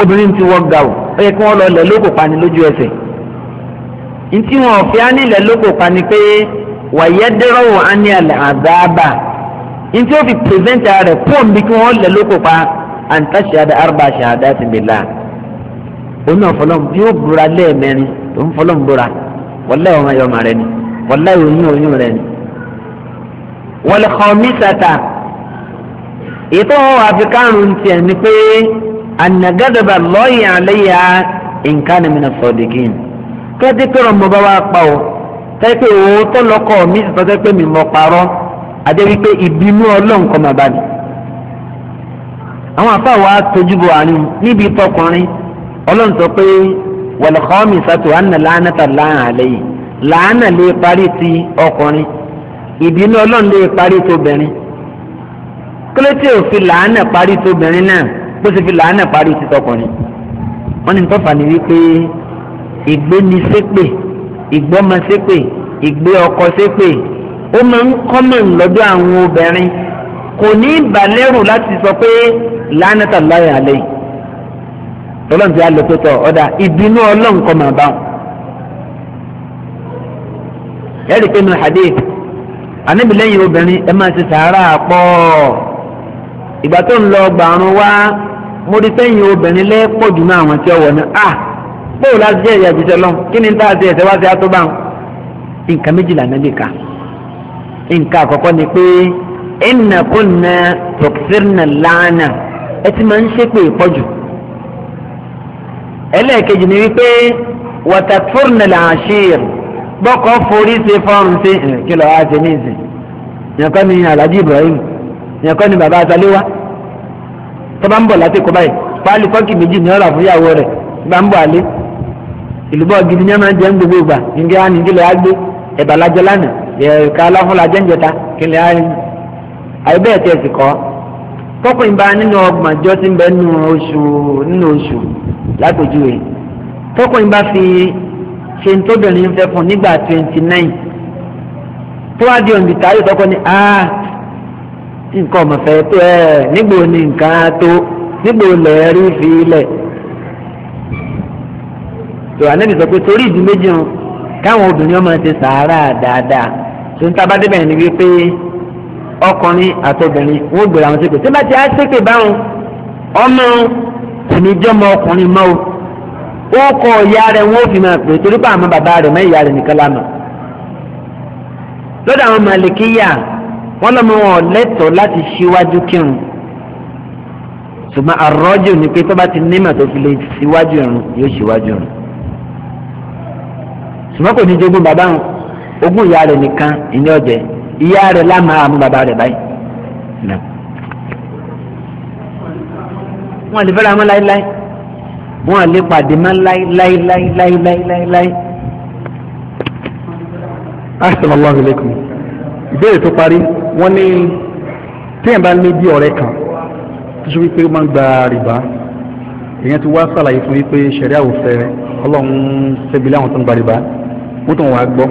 obìnrin ti wọ gàù ó yẹ kí wọ́n lọ lẹ̀ lóko pani lójú ẹsẹ̀ ntí wọn ọ̀fẹ́ á nílẹ̀ lóko pani pé wàyẹ́ dẹ́rọ̀wọ̀ á ní àlẹ́ àdáàbà ntí ó fi pèsèntì rẹ̀ pọ̀ nbí kí wọ́n lẹ̀ lóko pa àǹtá ṣàdá arba ṣàdá ti bìlà oní ọ̀fọlọ́m bí ó búra lẹ́ẹ̀mẹrin tó ń fọlọ́m búra wọlé ọmọ yọmọ rẹ ni wọlé oyún oyún rẹ ni wọlé kọ́ ètò wọn wà fi kárùn-ún ni pé anagadaba lọ́ọ̀yì àlẹ́yà nǹkan mìíràn sọ̀dìgìn kẹ́tí pé ọmọ bá wá pa ọ́ tẹ́pẹ́ òótọ́ lọ́kọ̀ mi sì tọ́ tẹ́pẹ́ mi mọ̀ parọ́ àti wípé ìbínú ọlọ́run kọ́ máa bá mi. àwọn afáwa tójú bọ àárín níbi tọkùnrin ọlọ́run sọ pé wọ̀lẹ̀kọ́mì sàtò àná lánàtà láàrin àlẹ́yìn làánà lè parí ti ọkùnrin ìbínú ọlọ́run lè parí tóbìnrin kílódé òfin làánà parí tóbìnrin náà bó ṣe fi làánà parí ti tọkùnrin wọn ní tọ́fà ni wípé ìgbénisépè ìgbọ́mọsépè ìgbé ọkọ sépè ó máa ń kọ́mọ̀n lọ́dọ̀ àwọn obìnrin kò ní ìbàlẹ́rù láti sọ pé lánàtà láyé àlẹ́ ọlọ́run ti á lọ pẹ́tọ̀ ọ̀dà ìbínú ọlọ́run kọ́ máa bá wọn. ẹ̀rí pé nu hadith ànábì lẹ́yìn obìnrin ẹ máa ṣe sàárà pọ̀ ìgbà tó ń lọ gbàrún wá mo rí sẹ́yìn obìnrin lẹ́ẹ̀pọ̀ jù náà àwọn tí ó wọ̀ ní à ah, bóò láti jẹ́ ìyá jíjẹ lọ kí ni tá a ti ẹ̀sẹ̀ wá sí ató bá wọn. nǹkan méjìlá náà lè kà nǹkan àkọ́kọ́ ni pé ẹnìnà kò na tòkìsìrìnà lánà ẹ ti máa ń ṣépè ìpọ́jù. ẹlẹ́ẹ̀kejì ni wípé wàtàkùrìnà làṣìír bọ́kọ̀ forí ṣe fọ́ọ̀rùn ṣe kí lọ́ọ́ á ṣe ní ìsìn ìyànkọ́ ni Alhaji Ibrahim ìyànkọ́ ni bàbá Àtàlẹ́wà tó bá ń bọ̀ láti kọ́ báyìí páálí kọ́kì méjì ní ọ̀rà fúyàwó rẹ̀ bá ń bọ̀ alẹ́ ìlúbọ̀ gidi ní ọmọ jẹ́ ń gbogbo ìgbà nígbà á ní kílẹ̀ á gbé ẹ̀bà lájẹ lánàá ẹ̀ka aláfọlá jẹ́ǹjẹta kílẹ̀ á rí àyè bẹ́ẹ̀ tẹ̀ sí kọ́ kọ́kùn ìbá nínú ọgbọ̀njọ́ ti ń bẹ nínú oṣù nínú oṣù lápèjúwe tọ́kùn ìbá fi ṣe tóbìnrin fẹ́ fún nígbà twenty nine tó wá di òǹdìtà yóò tọ́kọ ni ah. nǹkan ọ̀mọ̀fẹ́ tó ẹ̀ nígbò ní nǹkan tó nígbò lẹ́ẹ̀rí fi ilẹ̀ tó ànábì sọ pé torí ìdí méjì hàn káwọn obìnrin ọmọ ti sàárà dáadáa tó ń tábà débẹ̀ ni wípé ọkùnrin àtọbìnrin wọn gbèrè àwọn sépè tí bá ti á báwọn ọmọ ìníjọmọ ọkùnrin o ó kọ ìyá wọn fi máa pè torí àwọn bàbá ìyá nìkan lánàá wọ́n lọ́mọ wọn lẹ́tọ̀ọ́ láti ṣíwájú kírun ṣùgbọ́n àrọ́jù ni pé tó bá ti nímọ̀ tó fi lè ṣíwájú irun yóò ṣíwájú irun ṣùgbọ́n kò ní jogún bàbá wọn ogún ìyá rẹ̀ nìkan ìní ọ̀jẹ̀ ìyá rẹ̀ lámà àmú bàbá rẹ̀ báyìí. wọ́n lè fẹ́ra mọ́ láéláé wọ́n lè pàdé mọ́ láéláéláéláéláé. Assalamu alaikum tó parí wọ́n ní téèyàn bá ní bí ọ̀rẹ́ kan tó ṣe wípé ó máa ń gba rìbá èèyàn ti wá sàlàyé fún wípé ṣẹ̀ríà ò fẹ́ ọlọ́run fẹ́bi láwọn tó ń gba rìbá wọ́n tó ń wá gbọ́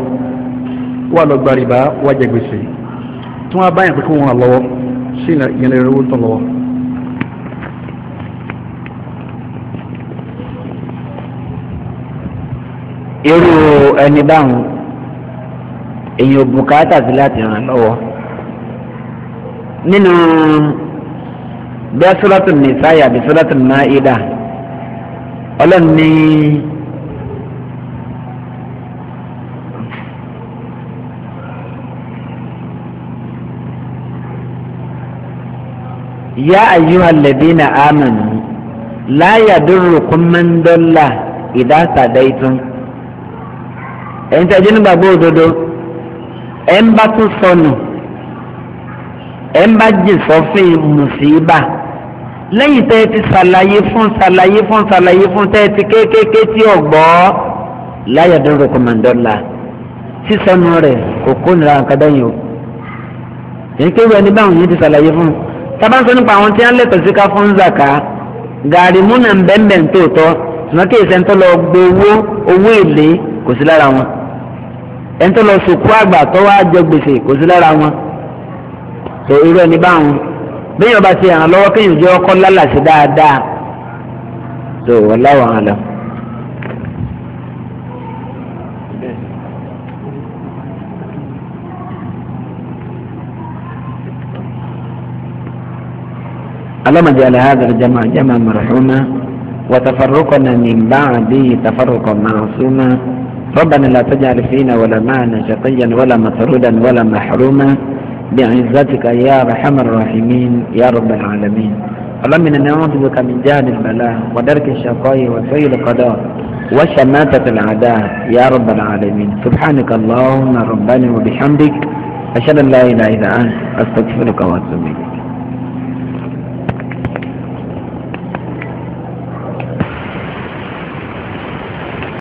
wà lọ gba rìbá wà jẹ gbèsè tí wọ́n bá yàn pé kí wọ́n lọ́wọ́ sí ìyẹn lè rówó tó lọ́wọ́. irú ẹni báwọn èèyàn bùkátà sí láti ràn lọ́wọ́ nínú bẹ́ẹ̀ sọ́lọ́tún nìsáyà àbí sọ́lọ́tún máìdá ọlọ́run ní. يا أيها الذين آمنوا لا يضركم من ضل إذا تديتم ẹ̀yin tí a jẹ́ nígbàgbọ́ òdodo ẹ̀ ń bá tún sọnù ẹ̀ ń bá jì sọ́fìn mùsíbà lẹ́yìn tẹ́ ẹ ti ṣàlàyé fún ṣàlàyé fún ṣàlàyé fún tẹ́ ẹ ti kéékèèké tí ò gbọ́ láyàdún rọkọmọdọ́là sísọnù rẹ̀ kò kó nira nǹkan dẹ́yìn o èyí kéwù ẹni báwọn yìí ti ṣàlàyé fún un tábà ń sọ nípa àwọn tí wọ́n lẹ́tọ̀ọ́ sí ká fún zaka gàrí múnà bẹ́ẹ̀nbẹ́ ń tòótọ́ ṣùgbọ́n kí èsì ẹ̀ńtọ́ lọ gbé owó owó èlé kò sí lára wọn ẹ̀ńtọ́ lọ sòkú àgbà tó wá jẹ gbèsè kò sí lára wọn tó irú ẹni báwọn bẹ́ẹ̀ ọba ti hàn lọ́wọ́ kéèyàn jẹ́ ọkọ lálà lálàsí dáadáa tó wallahu alam. اللهم اجعل هذا الجمع جمعا مرحوما وتفرقنا من بعده تفرقا معصوما ربنا لا تجعل فينا ولا معنا شقيا ولا مطرودا ولا محروما بعزتك يا رحم الراحمين يا رب العالمين اللهم إنا نعوذ بك من جهل البلاء ودرك الشقاء وسوء القضاء وشماتة العداء يا رب العالمين سبحانك اللهم ربنا وبحمدك أشهد أن لا إله إلا أنت أستغفرك وأتوب إليك